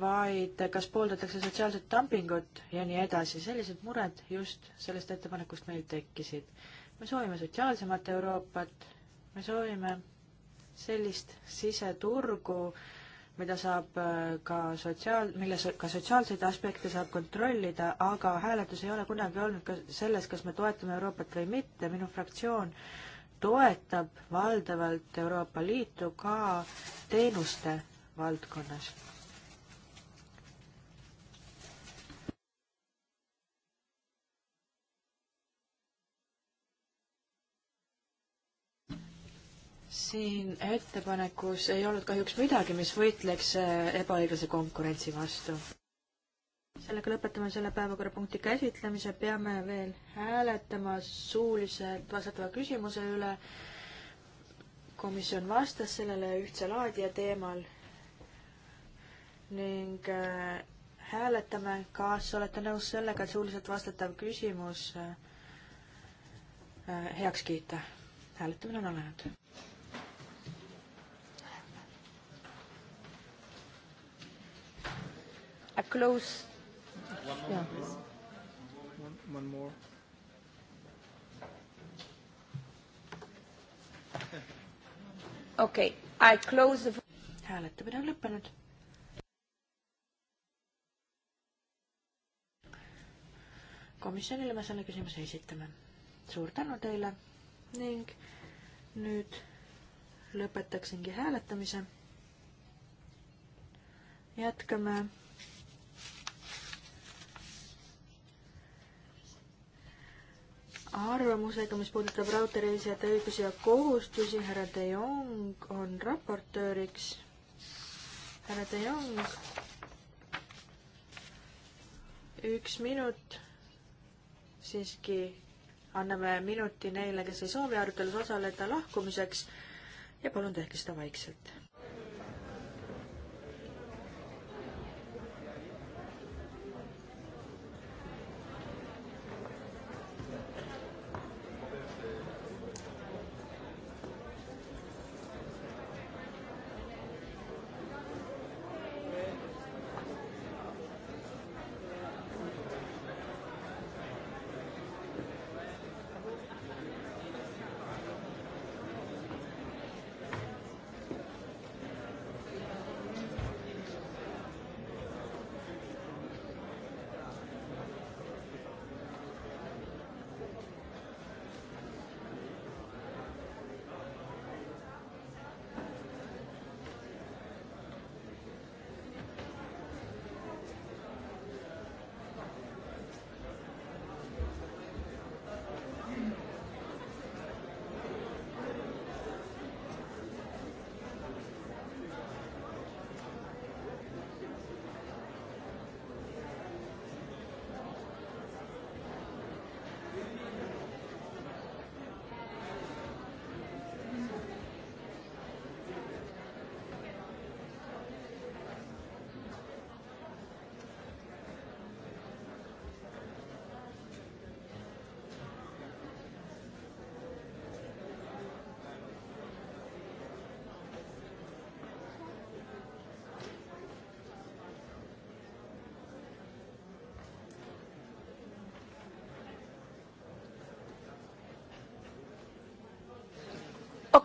vaid kas pooldatakse sotsiaalset dumpingut ja nii edasi. sellised mured just sellest ettepanekust meil tekkisid. me soovime sotsiaalsemat Euroopat, me soovime sellist siseturgu, mida saab äh, ka sotsiaal, milles ka sotsiaalseid aspekte saab kontrollida, aga hääletus ei ole kunagi olnud ka selles, kas me toetame Euroopat või mitte, minu fraktsioon toetab valdavalt Euroopa Liitu ka teenuste valdkonnas siin ettepanekus ei olnud kahjuks midagi, mis võitleks äh, ebaõiglase konkurentsi vastu. sellega lõpetame selle päevakorrapunkti käsitlemise, peame veel hääletama suuliselt vastatava küsimuse üle. komisjon vastas sellele ühtse laadija teemal ning äh, hääletame, kas olete nõus sellega, et suuliselt vastatav küsimus äh, heaks kiita hääletamine on alanud. a close. One more. Yeah. One, one more. okei okay,, I close the. hääletamine on lõppenud. komisjonile me selle küsimuse esitame. suur tänu teile ning nüüd lõpetaksingi hääletamise. jätkame arvamusega, mis puudutab raudteereisijate õigusi ja kohustusi. härra De Jong on raportööriks. härra De Jong, üks minut. siiski anname minuti neile, kes ei soovi arutelus osaleda, lahkumiseks ja palun tehke seda vaikselt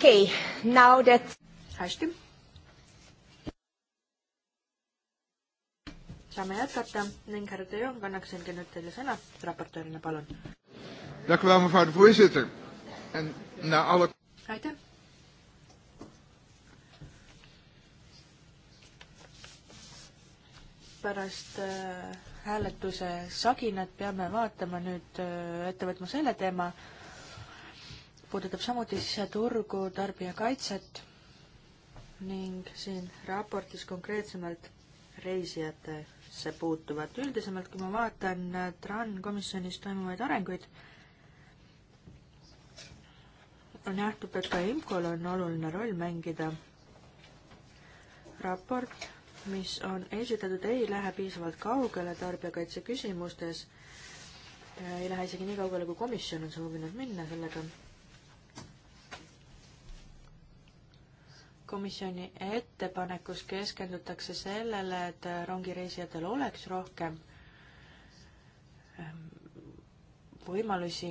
okei okay,, now that. hästi. saame jätkata ning härra De Jong annaksingi nüüd teile sõna raportöörina, palun. aitäh. pärast äh, hääletuse saginat peame vaatama nüüd äh,, ette võtma selle teema äh,, puudutab samuti siseturgu, tarbijakaitset ning siin raportis konkreetsemalt reisijatesse puutuvat. üldisemalt, kui ma vaatan äh, TRAN komisjonis toimuvaid arenguid, nähtub, et ka IMCO-l on oluline roll mängida. raport, mis on esitatud, ei lähe piisavalt kaugele tarbijakaitse küsimustes, äh, ei lähe isegi nii kaugele, kui komisjon on soovinud minna sellega komisjoni ettepanekus keskendutakse sellele, et rongireisijatel oleks rohkem ähm, võimalusi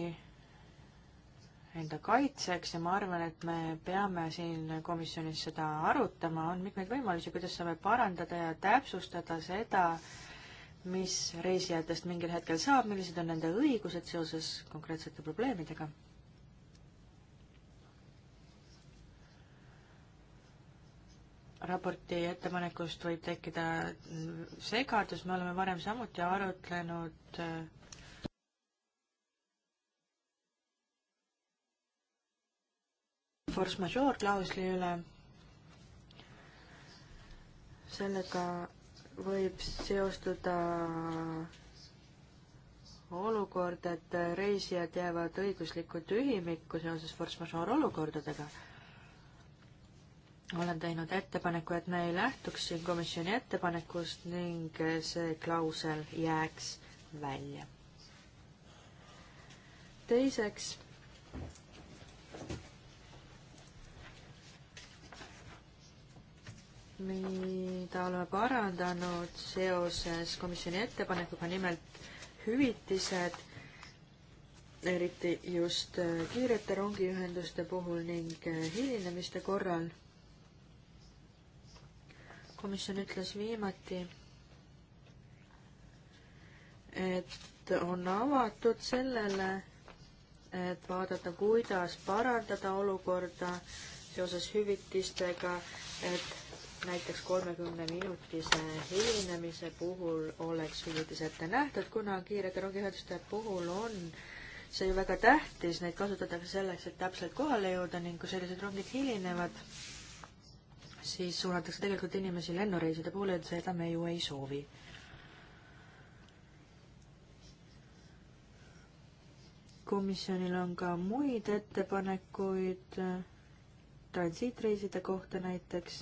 enda kaitseks ja ma arvan, et me peame siin komisjonis seda arutama, on mitmeid võimalusi, kuidas saame parandada ja täpsustada seda, mis reisijatest mingil hetkel saab, millised on nende õigused seoses konkreetsete probleemidega raporti ettepanekust võib tekkida segadus, me oleme varem samuti arutlenud äh, force majeure klausli üle. sellega võib seostuda olukord, et reisijad jäävad õiguslikult ühimikku seoses force majeure olukordadega olen teinud ettepaneku, et me ei lähtuks siin komisjoni ettepanekust ning see klausel jääks välja. teiseks mida oleme parandanud seoses komisjoni ettepanekuga, nimelt hüvitised, eriti just kiirete rongiühenduste puhul ning hilinemiste korral komisjon ütles viimati, et on avatud sellele, et vaadata, kuidas parandada olukorda seoses hüvitistega, et näiteks kolmekümneminutise hilinemise puhul oleks hüvitis ette nähtud, kuna kiirete rongiühenduste puhul on see ju väga tähtis, neid kasutatakse selleks, et täpselt kohale jõuda ning kui sellised rongid hilinevad, siis suunatakse tegelikult inimesi lennureiside poole ja seda me ju ei soovi. komisjonil on ka muid ettepanekuid transiitreiside kohta näiteks.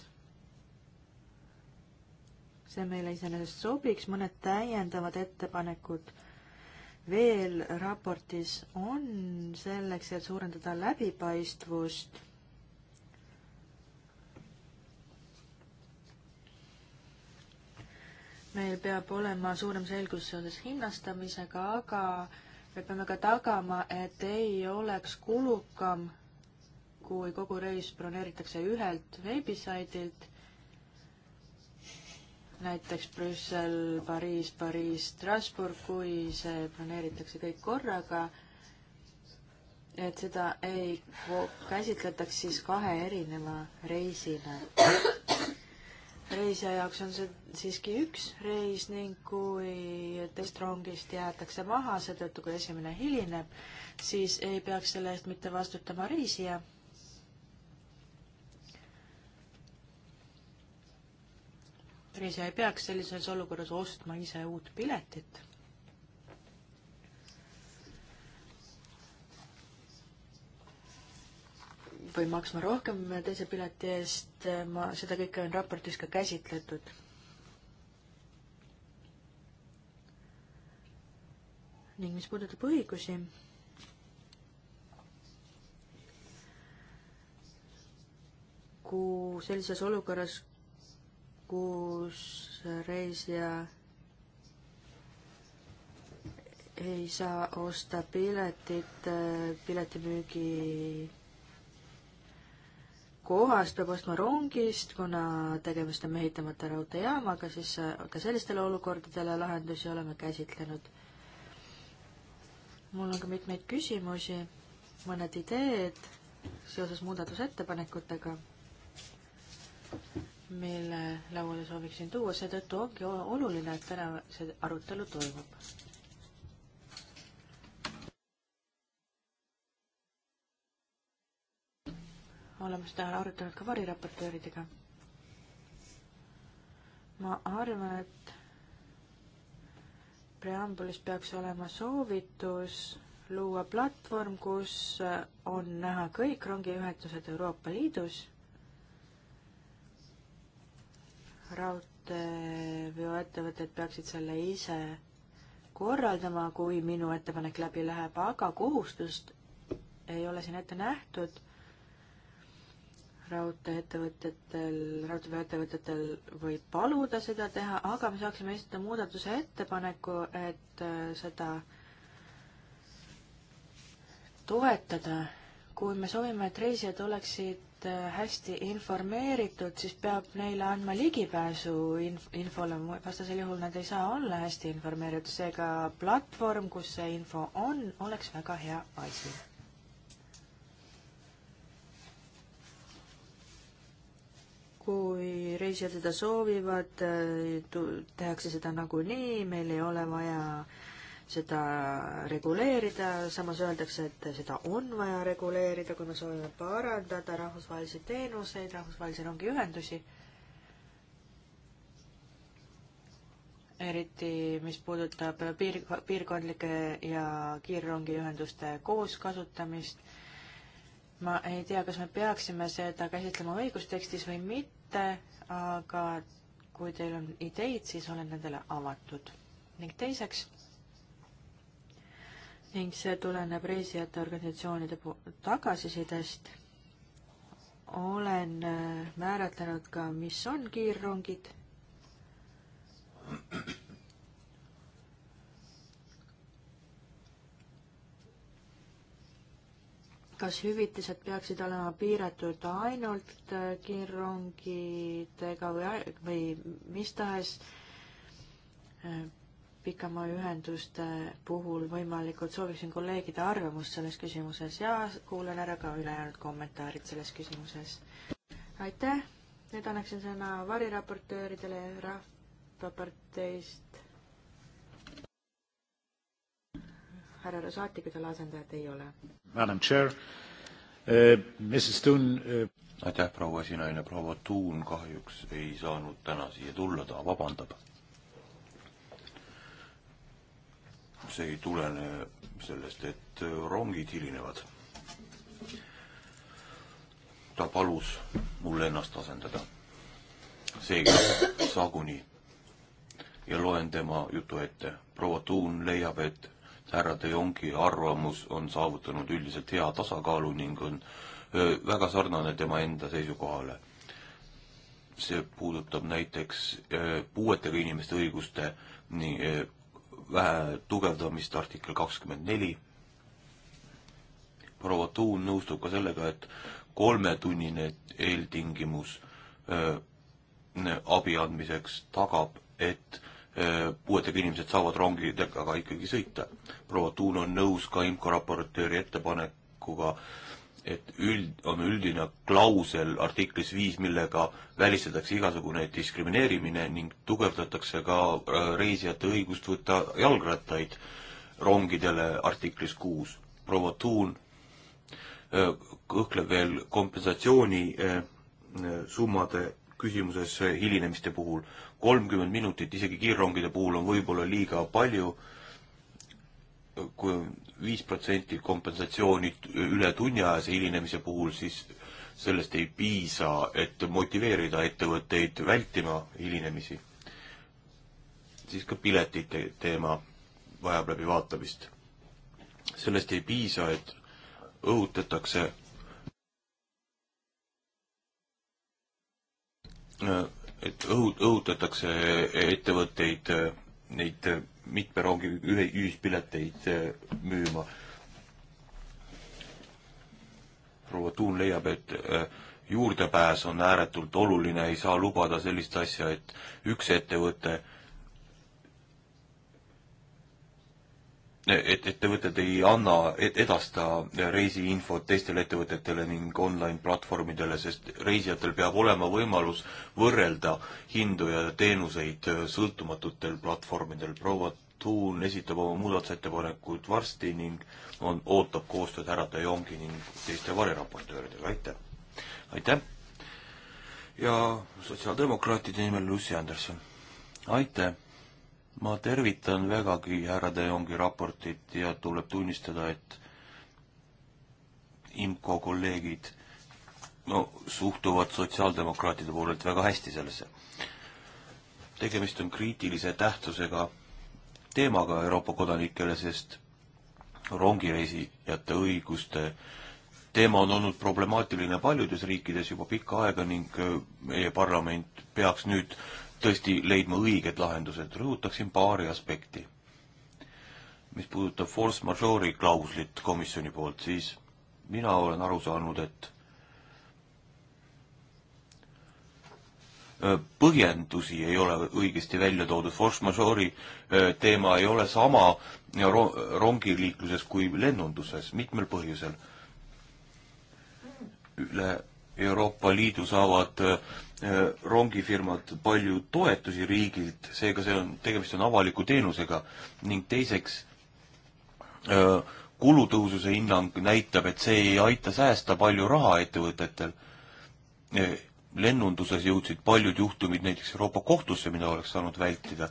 see meile iseenesest sobiks, mõned täiendavad ettepanekud veel raportis on selleks, et suurendada läbipaistvust meil peab olema suurem selgus seoses hinnastamisega, aga me peame ka tagama, et ei oleks kulukam, kui kogu reis broneeritakse ühelt veebisaidilt, näiteks Brüssel, Pariis, Pariis, Strasbourg, kui see broneeritakse kõik korraga, et seda ei käsitletaks siis kahe erineva reisina reisija jaoks on see siiski üks reis ning kui teist rongist jäetakse maha seetõttu, kui esimene hilineb, siis ei peaks selle eest mitte vastutama reisija. reisija ei peaks sellises olukorras ostma ise uut piletit või maksma rohkem teise pileti eest, ma, seda kõike on raportis ka käsitletud. ning mis puudutab õigusi, kui sellises olukorras, kus reisija ei saa osta piletit piletimüügi kohas peab ostma rongist, kuna tegemist on mehitamata raudteejaamaga, siis äh, ka sellistele olukordadele lahendusi oleme käsitlenud. mul on ka mitmeid küsimusi, mõned ideed seoses muudatusettepanekutega, mille lauale sooviksin tuua, seetõttu ongi oluline, et täna see arutelu toimub oleme seda arutanud ka variraportööridega. ma arvan, et preambulis peaks olema soovitus luua platvorm, kus on näha kõik rongiühendused Euroopa Liidus, raudteeveoettevõtted peaksid selle ise korraldama, kui minu ettepanek läbi läheb, aga kohustust ei ole siin ette nähtud raudtee-ettevõtjatel, raudteeveoettevõtjatel võib paluda seda teha, aga me saaksime esitada muudatuse ettepaneku, et äh, seda toetada. kui me soovime, et reisijad oleksid äh, hästi informeeritud, siis peab neile andma ligipääsu inf-, infole, vastasel juhul nad ei saa olla hästi informeeritud, seega platvorm, kus see info on, oleks väga hea asi kui reisijad seda soovivad, äh, tehakse seda nagunii, meil ei ole vaja seda reguleerida, samas öeldakse, et seda on vaja reguleerida, kui me soovime parandada rahvusvahelisi teenuseid, rahvusvahelisi rongiühendusi. eriti, mis puudutab piir, piirkondlike ja kiirrongiühenduste kooskasutamist ma ei tea, kas me peaksime seda käsitlema õigustekstis või mitte, aga kui teil on ideid, siis olen nendele avatud. ning teiseks, ning see tuleneb reisijate organisatsioonide tagasisidest, olen äh, määratlenud ka, mis on kiirrongid kas hüvitised peaksid olema piiratud ainult kiirrongidega või, või mis tahes äh, pikamaaühenduste puhul võimalikud, sooviksin kolleegide arvamust selles küsimuses ja kuulan ära ka ülejäänud kommentaarid selles küsimuses. aitäh, nüüd annaksin sõna variraportööridele Rahvaparteist härra Rosati, kui tal asendajat ei ole. Madam Chair uh,, eh, Mrs Tun uh.... Eh, aitäh, proua esinaine, proua Tuun kahjuks ei saanud täna siia tulla, ta vabandab. see ei tulene sellest, et rongid hilinevad. ta palus mul ennast asendada. seega saagu nii ja loen tema jutu ette. proua Tuun leiab, et härra De Jongi arvamus on saavutanud üldiselt hea tasakaalu ning on öö, väga sarnane tema enda seisukohale. see puudutab näiteks öö, puuetega inimeste õiguste nii öö, vähe tugevdamist artikkel kakskümmend neli. proua Tuun nõustub ka sellega, et kolmetunnine eeltingimus öö, abi andmiseks tagab, et Äh, puuetega inimesed saavad rongidega aga ikkagi sõita. proua Tuun on nõus ka IMCO raportööri ettepanekuga, et üld, on üldine klausel artiklis viis, millega välistatakse igasugune diskrimineerimine ning tugevdatakse ka äh, reisijate õigust võtta jalgrattaid rongidele artiklis kuus. proua Tuun äh, kõhkleb veel kompensatsiooni summade küsimuses hilinemiste puhul kolmkümmend minutit isegi kiirrongide puhul on võib-olla liiga palju kui, kui viis protsenti kompensatsiooni üle tunniajase hilinemise puhul, siis sellest ei piisa, et motiveerida ettevõtteid vältima hilinemisi. siis ka piletite teema vajab läbivaatamist. sellest ei piisa, et õhutatakse äh, et õhut-, õhutatakse ettevõtteid neid mitme rongi ühe, ühispileteid müüma. proua Tuun leiab, et äh, juurdepääs on ääretult oluline, ei saa lubada sellist asja, et üks ettevõte äh, et ettevõtted ei anna, edasta reisiinfot teistele ettevõtetele ning online-platvormidele, sest reisijatel peab olema võimalus võrrelda hindu ja teenuseid sõltumatutel platvormidel. proua Tuun esitab oma muudatusettepanekud varsti ning on, ootab koostööd härra De Jongi ning teiste variraportööridega, aitäh! aitäh! ja sotsiaaldemokraatide nimel Lucy Anderson, aitäh! ma tervitan vägagi härra De Jongi raportit ja tuleb tunnistada, et IMCO kolleegid no suhtuvad sotsiaaldemokraatide poolelt väga hästi sellesse. tegemist on kriitilise tähtsusega teemaga Euroopa kodanikele, sest rongireisijate õiguste teema on olnud problemaatiline paljudes riikides juba pikka aega ning meie parlament peaks nüüd tõesti leidma õiged lahendused, rõhutaksin paari aspekti. mis puudutab force majeure'i klauslit komisjoni poolt, siis mina olen aru saanud, et äh, põhjendusi ei ole õigesti välja toodud, force majeure'i äh, teema ei ole sama rongiliikluses kui lennunduses mitmel põhjusel. üle Euroopa Liidu saavad äh, Äh, rongifirmad palju toetusi riigilt, seega see on, tegemist on avaliku teenusega ning teiseks äh, kulutõhususe hinnang näitab, et see ei aita säästa palju raha ettevõtetel. Äh, lennunduses jõudsid paljud juhtumid näiteks Euroopa kohtusse, mida oleks saanud vältida.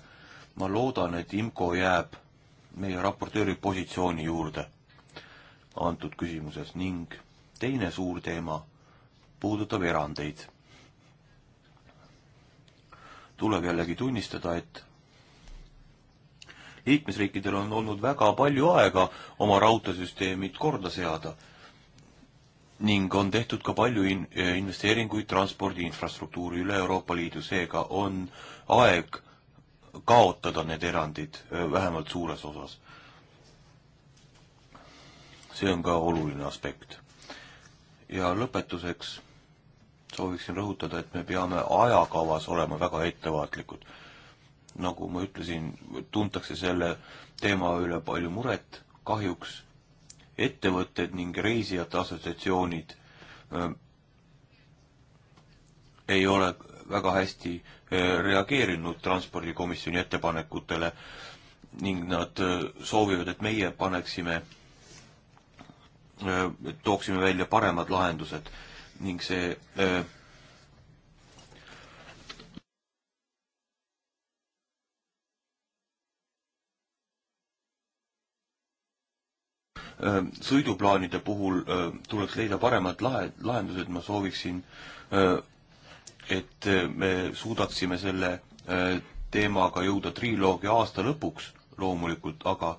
ma loodan, et IMCO jääb meie raportööri positsiooni juurde antud küsimuses ning teine suur teema puudutab erandeid tuleb jällegi tunnistada, et liikmesriikidel on olnud väga palju aega oma raudteesüsteemid korda seada ning on tehtud ka palju in-, investeeringuid transpordi infrastruktuuri üle Euroopa Liidu, seega on aeg kaotada need erandid vähemalt suures osas. see on ka oluline aspekt. ja lõpetuseks sooviksin rõhutada, et me peame ajakavas olema väga ettevaatlikud. nagu ma ütlesin, tuntakse selle teema üle palju muret, kahjuks ettevõtted ning reisijate assotsiatsioonid äh, ei ole väga hästi äh, reageerinud transpordikomisjoni ettepanekutele ning nad äh, soovivad, et meie paneksime, tooksime välja paremad lahendused ning see öö, äh, äh, sõiduplaanide puhul öö, äh, tuleks leida paremad lahe, lahendused, ma sooviksin, et me suudaksime selle öö, teemaga jõuda triloogia aasta lõpuks loomulikult, aga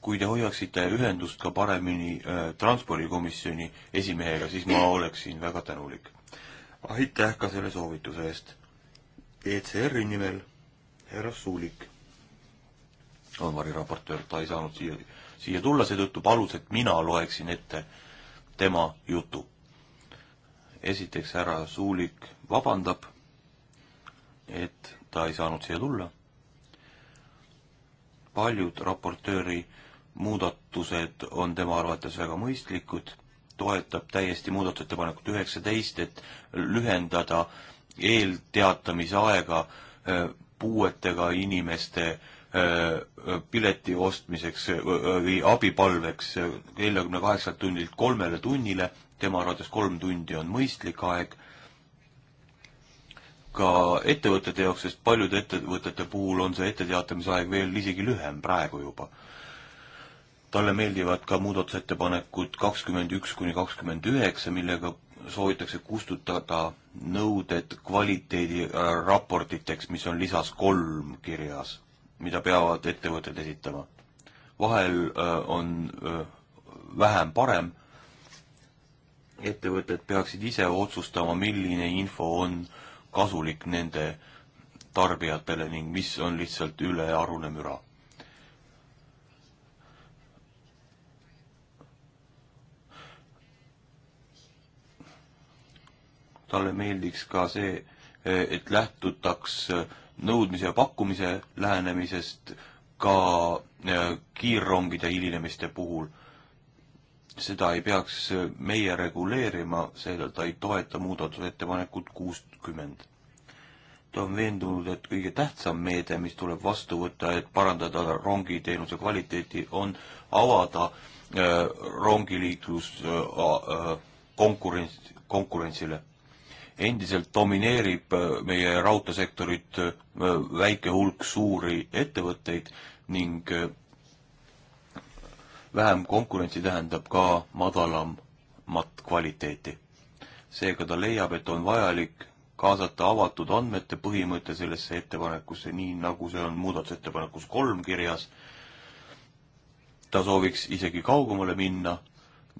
kui te hoiaksite ühendust ka paremini äh, transpordikomisjoni esimehega, siis ma oleksin väga tänulik. aitäh ka selle soovituse eest. ECR-i nimel härra Suulik on variraportöör, ta ei saanud siia, siia tulla, seetõttu palus, et mina loeksin ette tema jutu. esiteks härra Suulik vabandab, et ta ei saanud siia tulla. paljud raportööri äh, muudatused on tema arvates väga mõistlikud, toetab täiesti muudatusettepanekut üheksateist, et lühendada eelteatamise aega äh, puuetega inimeste äh, pileti ostmiseks äh, või abipalveks neljakümne kaheksalt tunnilt kolmele tunnile, tema arvates kolm tundi on mõistlik aeg, ka ettevõtete jaoks, sest paljude ettevõtete puhul on see etteteatamise aeg veel isegi lühem praegu juba talle meeldivad ka muudatusettepanekud kakskümmend üks kuni kakskümmend üheksa, millega soovitakse kustutada nõuded kvaliteediraportiteks, äh, mis on lisas kolm kirjas, mida peavad ettevõtted esitama. vahel äh, on äh, vähem parem, ettevõtted peaksid ise otsustama, milline info on kasulik nende tarbijatele ning mis on lihtsalt ülearune müra talle meeldiks ka see, et lähtutaks nõudmise ja pakkumise lähenemisest ka äh, kiirrongide hilinemiste puhul. seda ei peaks meie reguleerima, seega ta ei toeta muudatusettepanekut kuuskümmend. ta on veendunud, et kõige tähtsam meede, mis tuleb vastu võtta, et parandada rongiteenuse kvaliteeti, on avada äh, rongiliiklus äh, äh, konkurents, konkurentsile endiselt domineerib äh, meie raudteesektorit äh, väike hulk suuri ettevõtteid ning äh, vähem konkurentsi tähendab ka madalamat kvaliteeti. seega ta leiab, et on vajalik kaasata avatud andmete põhimõte sellesse ettepanekusse, nii nagu see on muudatusettepanekus kolm kirjas. ta sooviks isegi kaugemale minna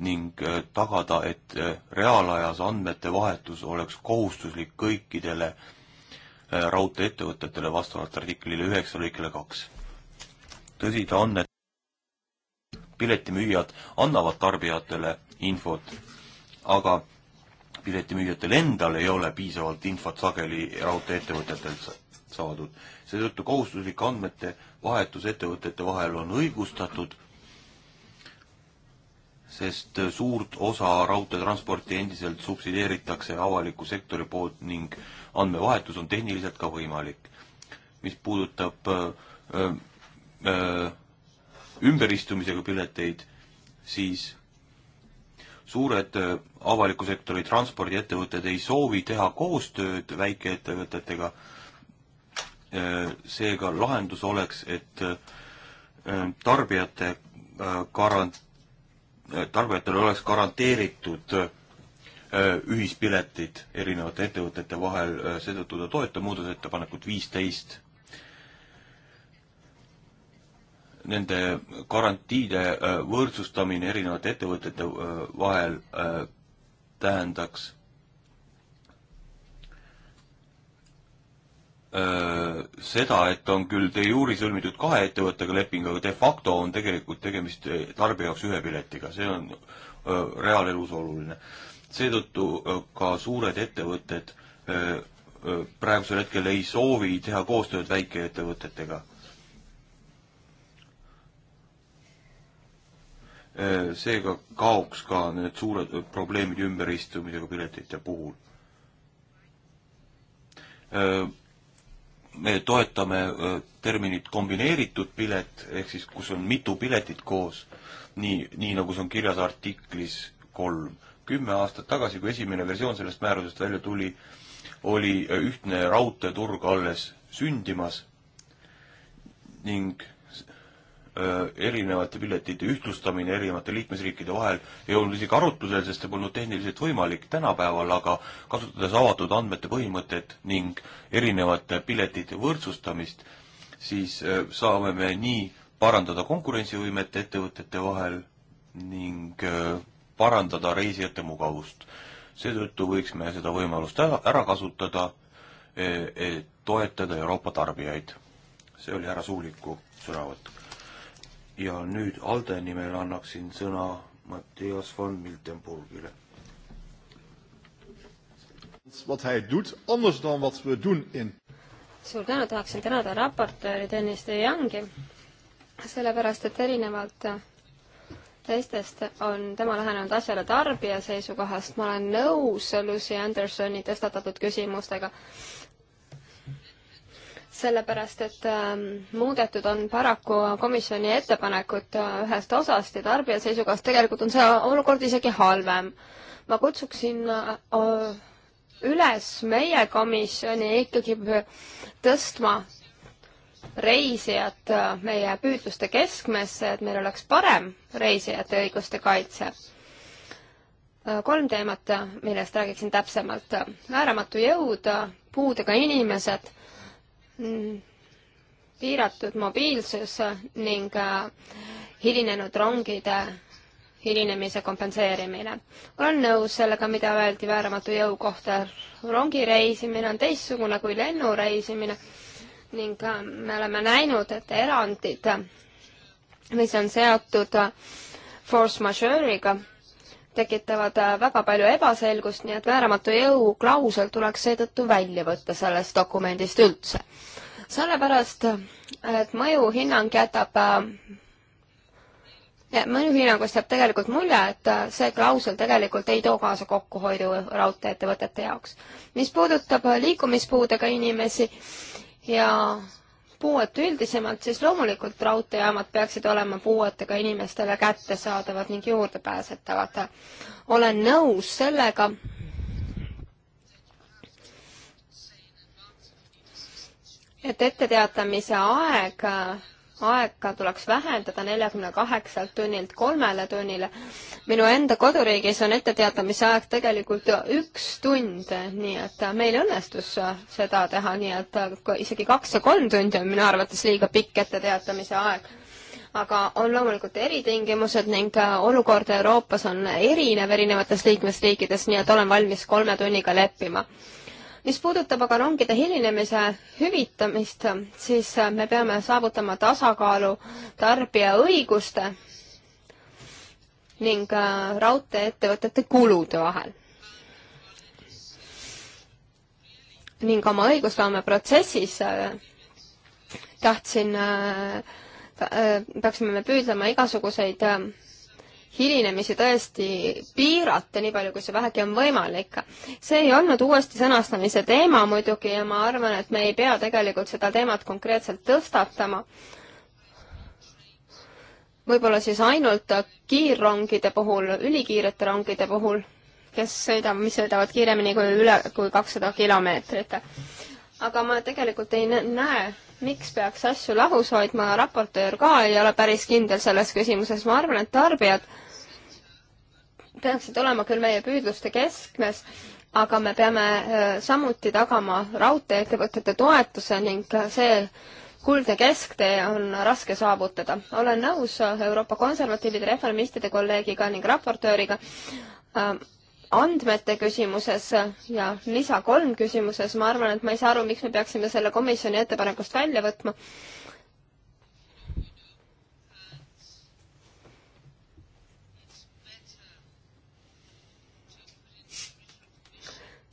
ning äh, tagada, et äh, reaalajas andmete vahetus oleks kohustuslik kõikidele äh, raudteeettevõtetele vastavalt artiklile üheksa lõikele kaks. tõsi ta on, et piletimüüjad annavad tarbijatele infot, aga piletimüüjatel endal ei ole piisavalt infot sageli raudteeettevõtetelt saadud. seetõttu kohustuslik andmete vahetus ettevõtete vahel on õigustatud sest suurt osa raudteetransporti endiselt subsideeritakse avaliku sektori poolt ning andmevahetus on tehniliselt ka võimalik. mis puudutab öö, äh, öö, äh, äh, ümberistumisega pileteid, siis suured avaliku sektori transpordiettevõtted ei soovi teha koostööd väikeettevõtetega, seega lahendus oleks, et tarbijate garant-, tarbijatele oleks garanteeritud äh, ühispiletid erinevate ettevõtete vahel, äh, seetõttu ta toetab muudatusettepanekut viisteist. Nende garantiide äh, võrdsustamine erinevate ettevõtete vahel tähendaks Äh, seda, et on küll de jure sõlmitud kahe ettevõttega leping, aga de facto on tegelikult tegemist äh, tarbija jaoks ühe piletiga, see on äh, reaalelus oluline. seetõttu ka suured ettevõtted praegusel hetkel ei soovi teha koostööd väikeettevõtetega. seega kaoks ka need suured probleemid ümberistumisega piletite puhul me toetame äh, terminit kombineeritud pilet, ehk siis kus on mitu piletit koos, nii, nii nagu see on kirjas artiklis kolm. kümme aastat tagasi, kui esimene versioon sellest määrusest välja tuli, oli ühtne raudteeturg alles sündimas ning Äh, erinevate piletite ühtlustamine erinevate liikmesriikide vahel ei olnud isegi arutlusel, sest see polnud tehniliselt võimalik tänapäeval, aga kasutades avatud andmete põhimõtet ning erinevate piletite võrdsustamist, siis äh, saame me nii parandada konkurentsivõimet ettevõtete vahel ning äh, parandada reisijate mugavust. seetõttu võiks me seda võimalust ära, ära kasutada, et toetada Euroopa tarbijaid. see oli härra Suuliku sõnavõtt ja nüüd Alde nimel annaksin sõna Mattias van Miltenburgile. Wat hij doet, anders dan wat we doen in. suur tänu, tahaksin tänada raportööri Tõnis De Jongi, sellepärast et erinevalt teistest on tema lähenenud asjale tarbija seisukohast, ma olen nõus Lucy Andersoni tõstatatud küsimustega sellepärast et ähm, muudetud on paraku komisjoni ettepanekut äh, ühest osast ja tarbija seisukohast tegelikult on see olukord isegi halvem. ma kutsuksin äh, üles meie komisjoni ikkagi tõstma reisijad äh, meie püüdluste keskmesse, et meil oleks parem reisijate õiguste kaitse kolm teemat, millest räägiksin täpsemalt. vääramatu jõud, puudega inimesed piiratud mobiilsus ning äh, hilinenud rongide hilinemise kompenseerimine. olen nõus sellega, mida öeldi vääramatu jõu kohta. rongireisimine on teistsugune kui lennureisimine ning äh, me oleme näinud, et erandid, mis on seotud äh, force majeure'iga, tekitavad väga palju ebaselgust, nii et vääramatu jõu klausel tuleks seetõttu välja võtta sellest dokumendist üldse sellepärast, et mõjuhinnang jätab äh, mõjuhinnangust jääb tegelikult mulje, et see klausel tegelikult ei too kaasa kokkuhoidu raudtee-ettevõtete jaoks. mis puudutab liikumispuudega inimesi ja puuet üldisemalt, siis loomulikult raudteejaamad peaksid olema puuetega inimestele kättesaadavad ning juurdepääsetavad. olen nõus sellega, et etteteatamise aeg, aega tuleks vähendada neljakümne kaheksalt tunnilt kolmele tunnile. minu enda koduriigis on etteteatamise aeg tegelikult üks tund, nii et meil õnnestus seda teha, nii et isegi kaks ja kolm tundi on minu arvates liiga pikk etteteatamise aeg aga on loomulikult eritingimused ning olukord Euroopas on erinev erinevates liikmesriikides, nii et olen valmis kolme tunniga leppima mis puudutab aga rongide hilinemise hüvitamist, siis äh, me peame saavutama tasakaalu tarbija õiguste ning äh, raudteeettevõtete kulude vahel. ning oma õigusloome protsessis äh, tahtsin, peaksime me püüdlema igasuguseid hilinemisi tõesti piirata, nii palju kui see vähegi on võimalik. see ei olnud uuesti sõnastamise teema muidugi ja ma arvan, et me ei pea tegelikult seda teemat konkreetselt tõstatama. võib-olla siis ainult kiirrongide puhul, ülikiirete rongide puhul, kes sõidab, mis sõidavad kiiremini kui üle, kui kakssada kilomeetrit aga ma tegelikult ei näe, miks peaks asju lahus hoidma, raportöör ka ei ole päris kindel selles küsimuses, ma arvan, et tarbijad peaksid olema küll meie püüdluste keskmes, aga me peame äh, samuti tagama raudteeettevõtete toetuse ning see kuldne kesktee on raske saavutada. olen nõus Euroopa konservatiivide reformistide kolleegiga ning raportööriga äh, andmete küsimuses ja lisa kolm küsimuses, ma arvan, et ma ei saa aru, miks me peaksime selle komisjoni ettepanekust välja võtma.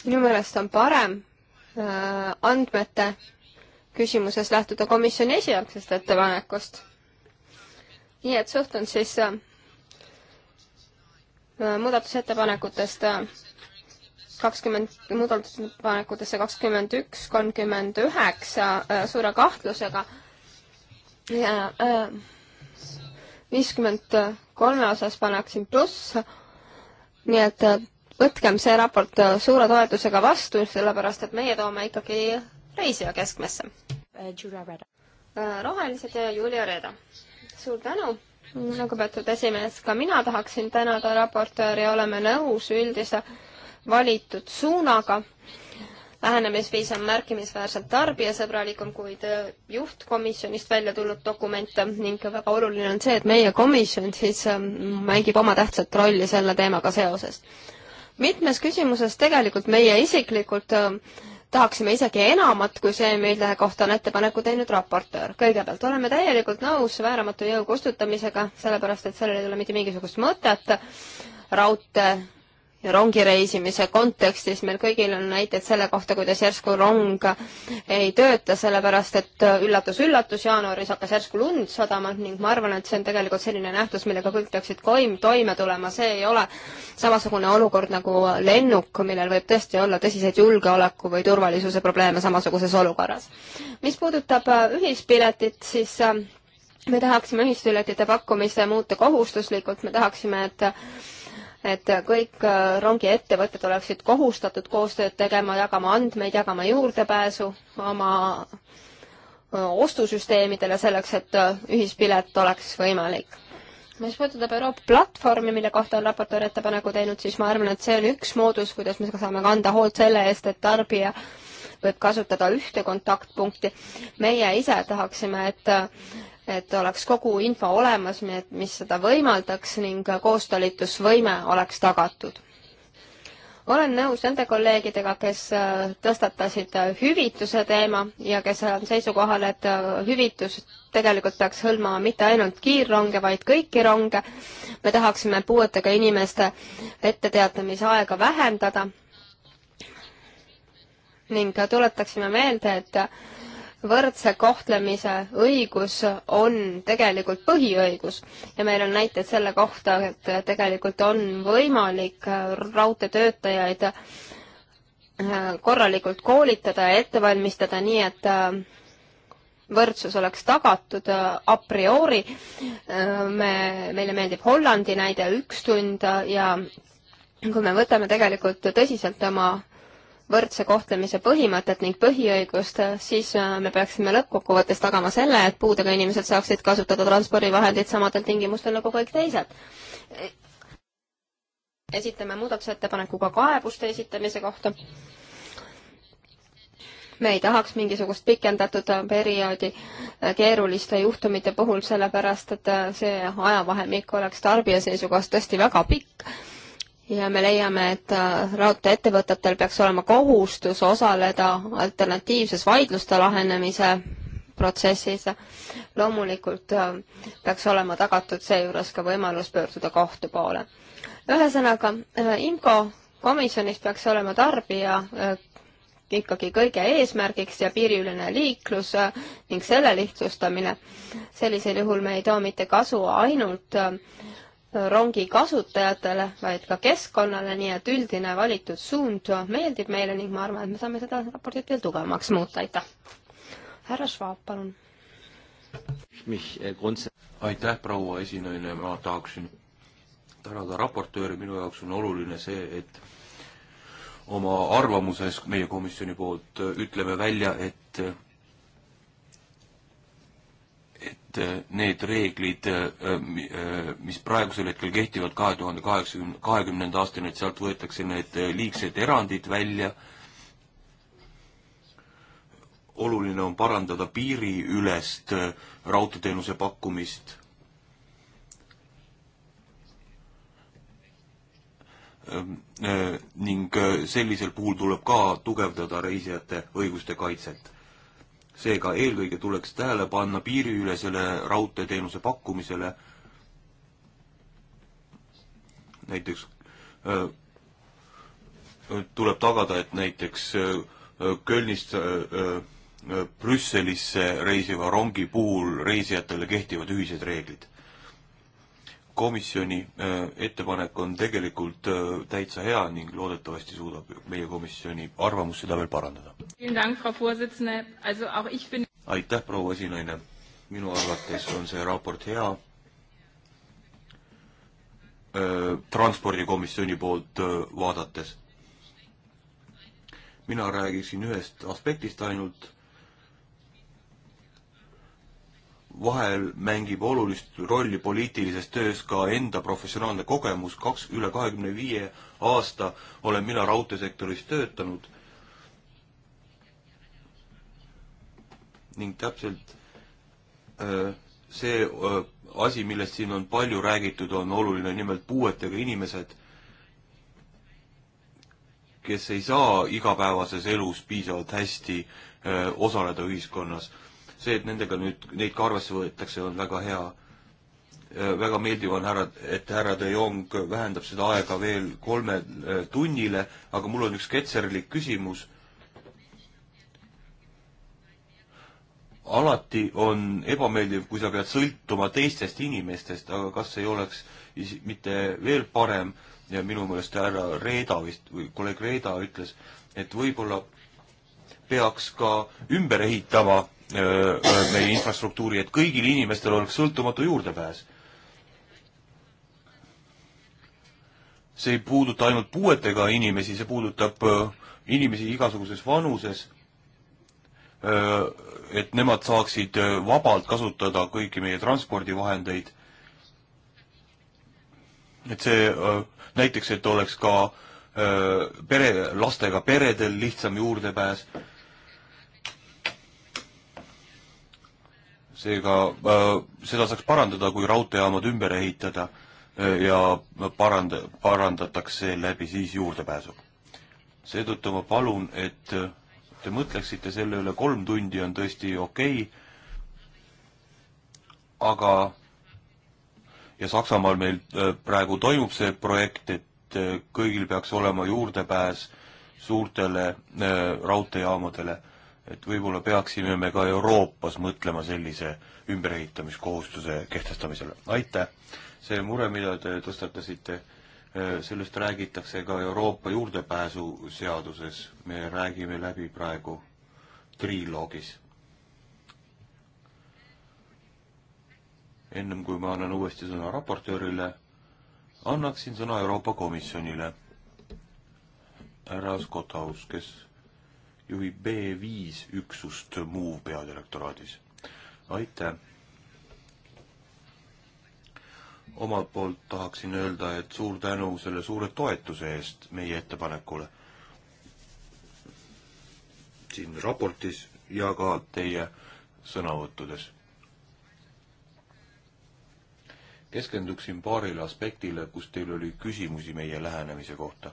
minu meelest on parem äh, andmete küsimuses lähtuda komisjoni esialgsest ettepanekust. nii et suhtun siis äh, Äh, muudatusettepanekutest äh, kakskümmend, muudatusettepanekutesse kakskümmend üks, kolmkümmend üheksa äh, suure kahtlusega ja viiskümmend kolme osas paneksin pluss, nii et võtkem see raport suure toetusega vastu, sellepärast et meie toome ikkagi reisija keskmesse. rohelised ja Julia Reeda. suur tänu lugupeetud esimees, ka mina tahaksin tänada raportööri, oleme nõus üldise valitud suunaga. lähenemisviis on märkimisväärselt tarbijasõbralikum, kuid äh, juhtkomisjonist välja tulnud dokumente ning väga oluline on see, et meie komisjon siis ähm, mängib oma tähtsat rolli selle teemaga seoses. mitmes küsimuses tegelikult meie isiklikult äh, tahaksime isegi enamat kui see, mille kohta on ettepaneku teinud raportöör. kõigepealt oleme täielikult nõus vääramatu jõu kustutamisega, sellepärast et sellel ei ole mitte mingisugust mõtet. raudtee ja rongireisimise kontekstis meil kõigil on näiteid selle kohta, kuidas järsku rong ei tööta, sellepärast et üllatus-üllatus, jaanuaris hakkas järsku lund sadama ning ma arvan, et see on tegelikult selline nähtus, millega kõik peaksid koim-, toime tulema, see ei ole samasugune olukord nagu lennuk, millel võib tõesti olla tõsiseid julgeoleku või turvalisuse probleeme samasuguses olukorras. mis puudutab äh, ühispiletit, siis äh, me tahaksime ühispiletite pakkumise muuta kohustuslikuks, me tahaksime, et et kõik äh, rongiettevõtted oleksid kohustatud koostööd tegema, jagama andmeid, jagama juurdepääsu oma äh, ostusüsteemidele selleks, et äh, ühispilet oleks võimalik. mis puudutab Euroopa platvormi, mille kohta on raportöör ettepaneku teinud, siis ma arvan, et see on üks moodus, kuidas me saame kanda hoolt selle eest, et tarbija võib kasutada ühte kontaktpunkti. meie ise tahaksime, et et oleks kogu info olemas, mis seda võimaldaks ning koostalitusvõime oleks tagatud. olen nõus nende kolleegidega, kes äh, tõstatasid äh, hüvituse teema ja kes on seisukohal, et äh, hüvitus tegelikult peaks hõlmama mitte ainult kiirronge, vaid kõiki ronge. me tahaksime puuetega inimeste etteteatamisaega vähendada ning tuletaksime meelde, et võrdse kohtlemise õigus on tegelikult põhiõigus ja meil on näited selle kohta, et tegelikult on võimalik raudteetöötajaid äh, korralikult koolitada ja ette valmistada nii, et äh, võrdsus oleks tagatud äh, a priori. me, meile meeldib Hollandi näide, üks tund ja kui me võtame tegelikult tõsiselt oma võrdse kohtlemise põhimõtet ning põhiõigust, siis äh, me peaksime lõppkokkuvõttes tagama selle, et puudega inimesed saaksid kasutada transpordivahendeid samadel tingimustel nagu kõik teised. esitame muudatusettepaneku ka kaebuste esitamise kohta. me ei tahaks mingisugust pikendatud perioodi äh, keeruliste juhtumite puhul, sellepärast et äh, see ajavahemik oleks tarbija seisukohast tõesti väga pikk ja me leiame, et äh, raudteeettevõtetel peaks olema kohustus osaleda alternatiivses vaidluste lahenemise protsessis. loomulikult äh, peaks olema tagatud seejuures ka võimalus pöörduda kohtu poole. ühesõnaga, äh, IMCO komisjonis peaks olema tarbija ikkagi kõige eesmärgiks ja piiriüline liiklus ning selle lihtsustamine. sellisel juhul me ei too mitte kasu ainult äh, rongi kasutajatele, vaid ka keskkonnale, nii et üldine valitud suund meeldib meile ning ma arvan, et me saame seda raportit veel tugevamaks muuta, aitäh. härra Schwab, palun. Äh, aitäh, proua esinaine, ma tahaksin tänada raportööri, minu jaoks on oluline see, et oma arvamuses meie komisjoni poolt ütleme välja, et et äh, need reeglid, äh, äh, mis praegusel hetkel kehtivad kahe tuhande kaheksakümne, kahekümnenda aastani, et sealt võetakse need liigsed erandid välja, oluline on parandada piiriülest raudteeteenuse pakkumist, ähm, ning sellisel puhul tuleb ka tugevdada reisijate õiguste kaitset seega eelkõige tuleks tähele panna piiriülesele raudteeteenuse pakkumisele, näiteks öö, äh, tuleb tagada, et näiteks äh, Kölnist äh, Brüsselisse reisiva rongi puhul reisijatele kehtivad ühised reeglid komisjoni äh, ettepanek on tegelikult äh, täitsa hea ning loodetavasti suudab meie komisjoni arvamus seda veel parandada. aitäh, proua esinaine. minu arvates on see raport hea. Äh, transpordikomisjoni poolt vaadates. mina räägiksin ühest aspektist ainult vahel mängib olulist rolli poliitilises töös ka enda professionaalne kogemus, kaks, üle kahekümne viie aasta olen mina raudteesektoris töötanud ning täpselt äh, see äh, asi, millest siin on palju räägitud, on oluline, nimelt puuetega inimesed, kes ei saa igapäevases elus piisavalt hästi äh, osaleda ühiskonnas see, et nendega nüüd, neid ka arvesse võetakse, on väga hea. Äh, väga meeldiv on härra, et härra De Jong vähendab seda aega veel kolme äh, tunnile, aga mul on üks ketserlik küsimus alati on ebameeldiv, kui sa pead sõltuma teistest inimestest, aga kas ei oleks mitte veel parem ja minu meelest härra Reeda vist või kolleeg Reeda ütles, et võib-olla peaks ka ümber ehitama meie infrastruktuuri, et kõigil inimestel oleks sõltumatu juurdepääs. see ei puuduta ainult puuetega inimesi, see puudutab inimesi igasuguses vanuses, et nemad saaksid vabalt kasutada kõiki meie transpordivahendeid. et see näiteks, et oleks ka pere, lastega peredel lihtsam juurdepääs seega äh, seda saaks parandada, kui raudteejaamad ümber ehitada äh, ja parand-, parandatakse läbi siis juurdepääsu. seetõttu ma palun, et äh, te mõtleksite selle üle, kolm tundi on tõesti okei okay,, aga ja Saksamaal meil praegu toimub see projekt, et kõigil peaks olema juurdepääs suurtele raudteejaamadele et võib-olla peaksime me ka Euroopas mõtlema sellise ümberehitamiskohustuse kehtestamisele. aitäh! see mure, mida te tõstatasite, äh, sellest räägitakse ka Euroopa juurdepääsu seaduses, me räägime läbi praegu triloogis. ennem kui ma annan uuesti sõna raportöörile, annaksin sõna Euroopa Komisjonile. härra Skothaus, kes juhib B5 üksust Move peadirektoraadis. aitäh! omalt poolt tahaksin öelda, et suur tänu selle suure toetuse eest meie ettepanekule siin raportis ja ka teie sõnavõttudes. keskenduksin paarile aspektile, kus teil oli küsimusi meie lähenemise kohta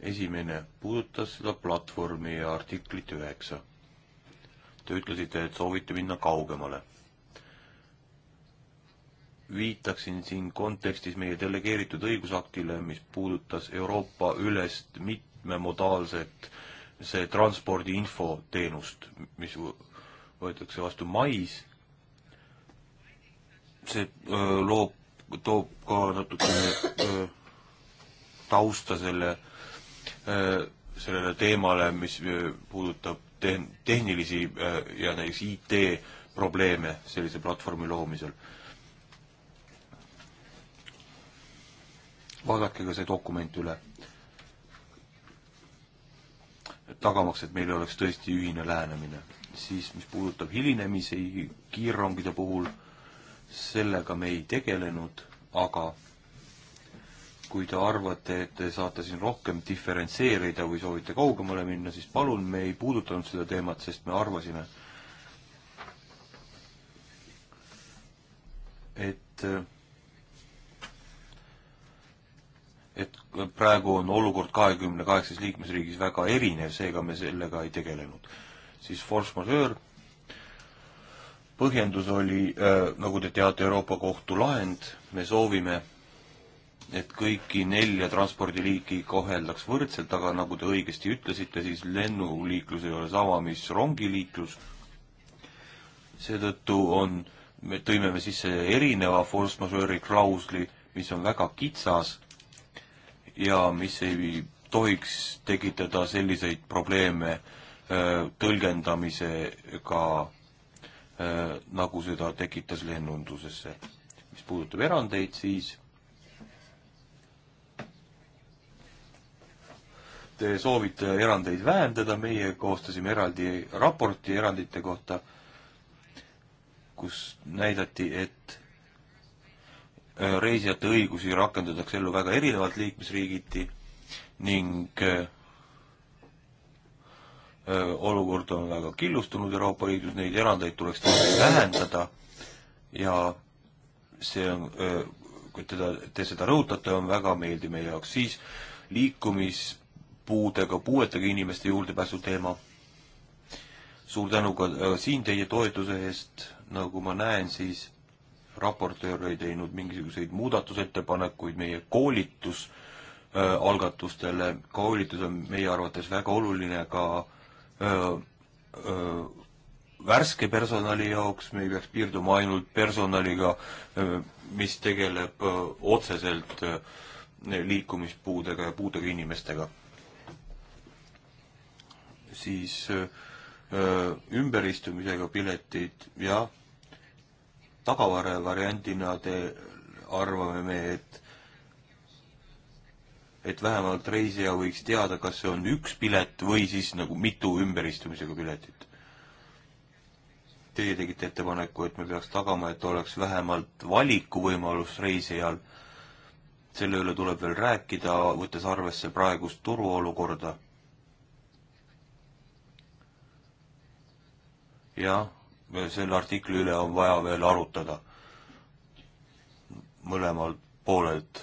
esimene puudutas seda platvormi ja artiklit üheksa. Te ütlesite, et soovite minna kaugemale. viitaksin siin kontekstis meie delegeeritud õigusaktile, mis puudutas Euroopa ülest mitmemodaalset see transpordi infoteenust, mis võetakse vastu mais, see öö, loob, toob ka natukene öö, tausta selle öö, Äh, sellele teemale, mis äh, puudutab tehn-, tehnilisi äh, ja näiteks IT-probleeme sellise platvormi loomisel. vaadake ka see dokument üle. tagamaks, et meil oleks tõesti ühine lähenemine. siis, mis puudutab hilinemisi kiirrongide puhul, sellega me ei tegelenud, aga kui te arvate, et te saate siin rohkem diferentseerida või soovite kaugemale minna, siis palun, me ei puudutanud seda teemat, sest me arvasime, et et praegu on olukord kahekümne kaheksas liikmesriigis väga erinev, seega me sellega ei tegelenud. siis force majeure, põhjendus oli, äh, nagu te teate, Euroopa Kohtu lahend, me soovime et kõiki nelja transpordiliiki koheldaks võrdselt, aga nagu te õigesti ütlesite, siis lennuliiklus ei ole sama, mis rongiliiklus. seetõttu on, me tõime me sisse erineva force majeure'i klausli, mis on väga kitsas ja mis ei tohiks tekitada selliseid probleeme öö, äh, tõlgendamisega, äh, nagu seda tekitas lennundusesse. mis puudutab erandeid, siis te soovite erandeid vähendada, meie koostasime eraldi raporti erandite kohta, kus näidati, et äh, reisijate õigusi rakendatakse ellu väga erinevalt liikmesriigiti ning äh, äh, olukord on väga killustunud Euroopa Liidus, neid erandeid tuleks vähendada ja see on, kui teda, te seda rõhutate, on väga meeldiv meie jaoks, siis liikumis puudega, puuetega inimeste juurdepääsu teema. suur tänu ka äh, siin teie toetuse eest, nagu ma näen, siis raportöör ei teinud mingisuguseid muudatusettepanekuid meie koolitus äh, algatustele, koolitus on meie arvates väga oluline ka äh, äh, värske personali jaoks, me ei peaks piirduma ainult personaliga, äh, mis tegeleb äh, otseselt liikumispuudega ja puudega inimestega siis ümberistumisega piletid ja tagavara variandina te arvame me, et et vähemalt reisija võiks teada, kas see on üks pilet või siis nagu mitu ümberistumisega piletit. Teie tegite ettepaneku, et me peaks tagama, et oleks vähemalt valikuvõimalus reisijal. selle üle tuleb veel rääkida, võttes arvesse praegust turuolukorda. ja selle artikli üle on vaja veel arutada mõlemalt poolelt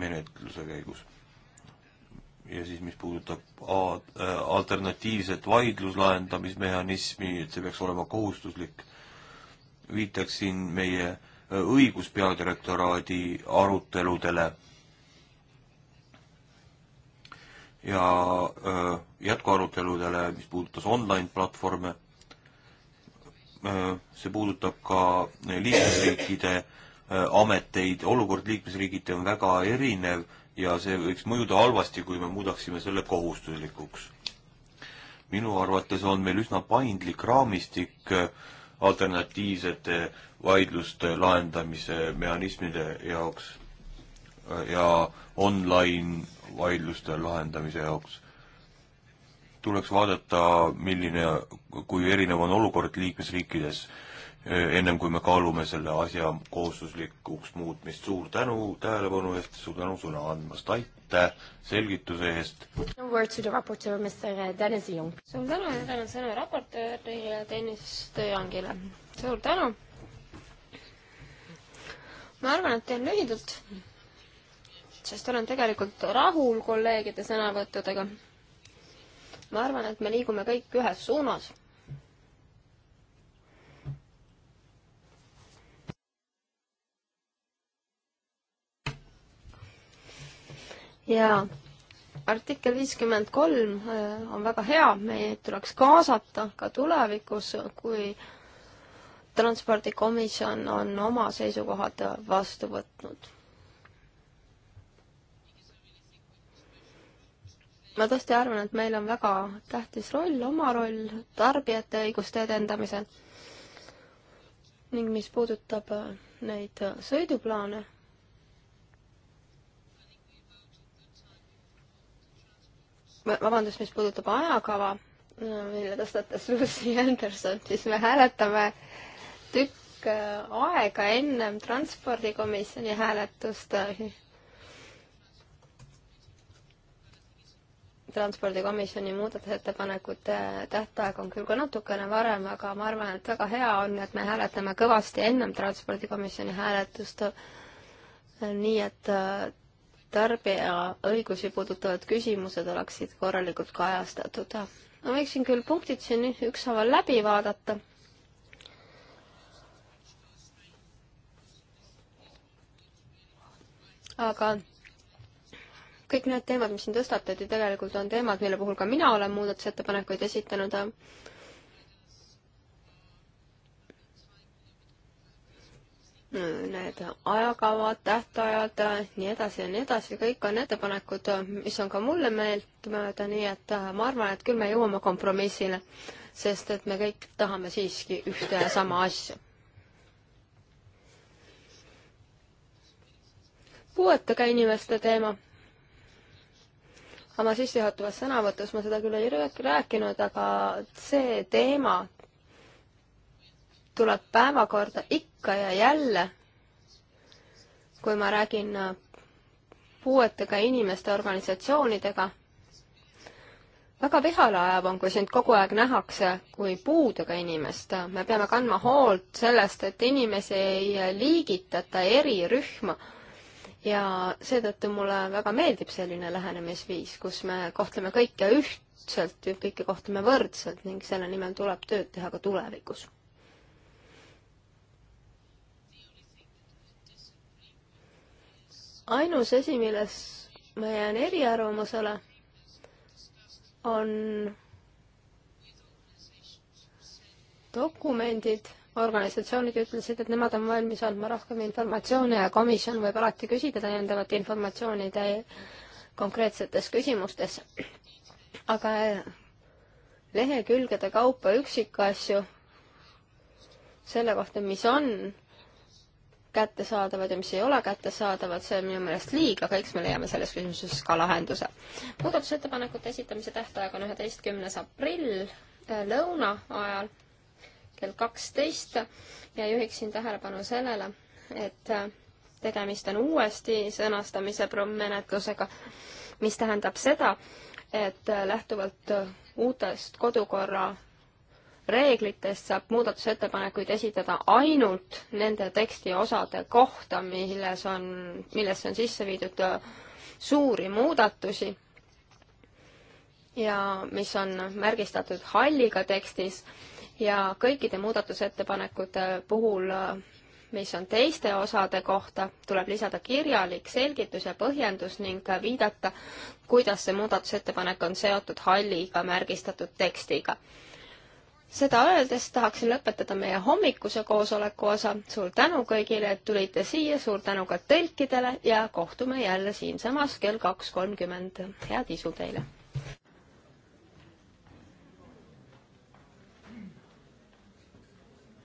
menetluse käigus. ja siis, mis puudutab äh, alternatiivset vaidluslahendamismehhanismi, et see peaks olema kohustuslik, viitaksin meie äh, õiguspeadirektoraadi aruteludele ja jätkuaruteludele, mis puudutas online platvorme. see puudutab ka liikmesriikide ameteid, olukord liikmesriigiti on väga erinev ja see võiks mõjuda halvasti, kui me muudaksime selle kohustuslikuks. minu arvates on meil üsna paindlik raamistik alternatiivsete vaidluste lahendamise mehhanismide jaoks ja online vaidluste lahendamise jaoks. tuleks vaadata, milline, kui erinev on olukord liikmesriikides, eh, ennem kui me kaalume selle asja kohustuslikuks muutmist. suur tänu tähelepanu eest, suur tänu sõna andmast, aitäh selgituse eest! Eh, suur tänu ja tänan sõna raportöörile Tõnis Tööangile. suur tänu! ma arvan, et teen lühidalt sest olen tegelikult rahul kolleegide sõnavõttudega. ma arvan, et me liigume kõik ühes suunas. ja artikkel viiskümmend kolm äh, on väga hea, meid tuleks kaasata ka tulevikus, kui transpordikomisjon on oma seisukohad vastu võtnud ma tõesti arvan, et meil on väga tähtis roll, oma roll tarbijate õiguste edendamisel. ning mis puudutab äh, neid äh, sõiduplaane, vabandust, mis puudutab ajakava, äh, mille tõstatas Lucy Anderson, siis me hääletame tükk aega ennem transpordikomisjoni hääletust transpordikomisjoni muudatusettepanekute tähtaeg on küll ka natukene varem, aga ma arvan, et väga hea on, et me hääletame kõvasti ennem transpordikomisjoni hääletust, nii et äh, tarbija õigusi puudutavad küsimused oleksid korralikult kajastatud. ma võiksin küll punktid siin ükshaaval läbi vaadata aga kõik need teemad, mis siin tõstatati, tegelikult on teemad, mille puhul ka mina olen muudatusettepanekuid esitanud. Need ajakavad, tähtajad, nii edasi ja nii edasi, kõik on ettepanekud, mis on ka mulle meeltmööda, nii et ma arvan, et küll me jõuame kompromissile, sest et me kõik tahame siiski ühte ja sama asja puuetega inimeste teema oma sissejuhatavas sõnavõtus ma seda küll ei rääkinud, aga see teema tuleb päevakorda ikka ja jälle, kui ma räägin äh, puuetega inimeste organisatsioonidega. väga vihale ajav on, kui sind kogu aeg nähakse kui puudega inimest. me peame kandma hoolt sellest, et inimesi ei liigitata eri rühma ja seetõttu mulle väga meeldib selline lähenemisviis, kus me kohtleme kõike ühtselt ja kõike kohtleme võrdselt ning selle nimel tuleb tööd teha ka tulevikus. ainus asi, milles ma jään eriarvamusele, on dokumendid organisatsioonid ütlesid, et nemad on valmis andma rohkem informatsiooni ja komisjon võib alati küsida täiendavat informatsiooni täie konkreetsetes küsimustes. aga eh, lehekülgede kaupa üksikasju selle kohta, mis on kättesaadavad ja mis ei ole kättesaadavad, see on minu meelest liig, aga eks me leiame selles küsimuses ka lahenduse. muudatusettepanekute esitamise tähtaeg on üheteistkümnes aprill eh, lõuna ajal kell kaksteist ja juhiksin tähelepanu sellele, et tegemist on uuesti sõnastamise menetlusega, mis tähendab seda, et lähtuvalt uutest kodukorra reeglitest saab muudatusettepanekuid esitada ainult nende tekstiosade kohta, milles on, millesse on sisse viidud suuri muudatusi ja mis on märgistatud halliga tekstis ja kõikide muudatusettepanekute puhul, mis on teiste osade kohta, tuleb lisada kirjalik selgitus ja põhjendus ning viidata, kuidas see muudatusettepanek on seotud halliga märgistatud tekstiga. seda öeldes tahaksin lõpetada meie hommikuse koosoleku osa. suur tänu kõigile, et tulite siia, suur tänu ka tõlkidele ja kohtume jälle siinsamas kell kaks kolmkümmend. head isu teile!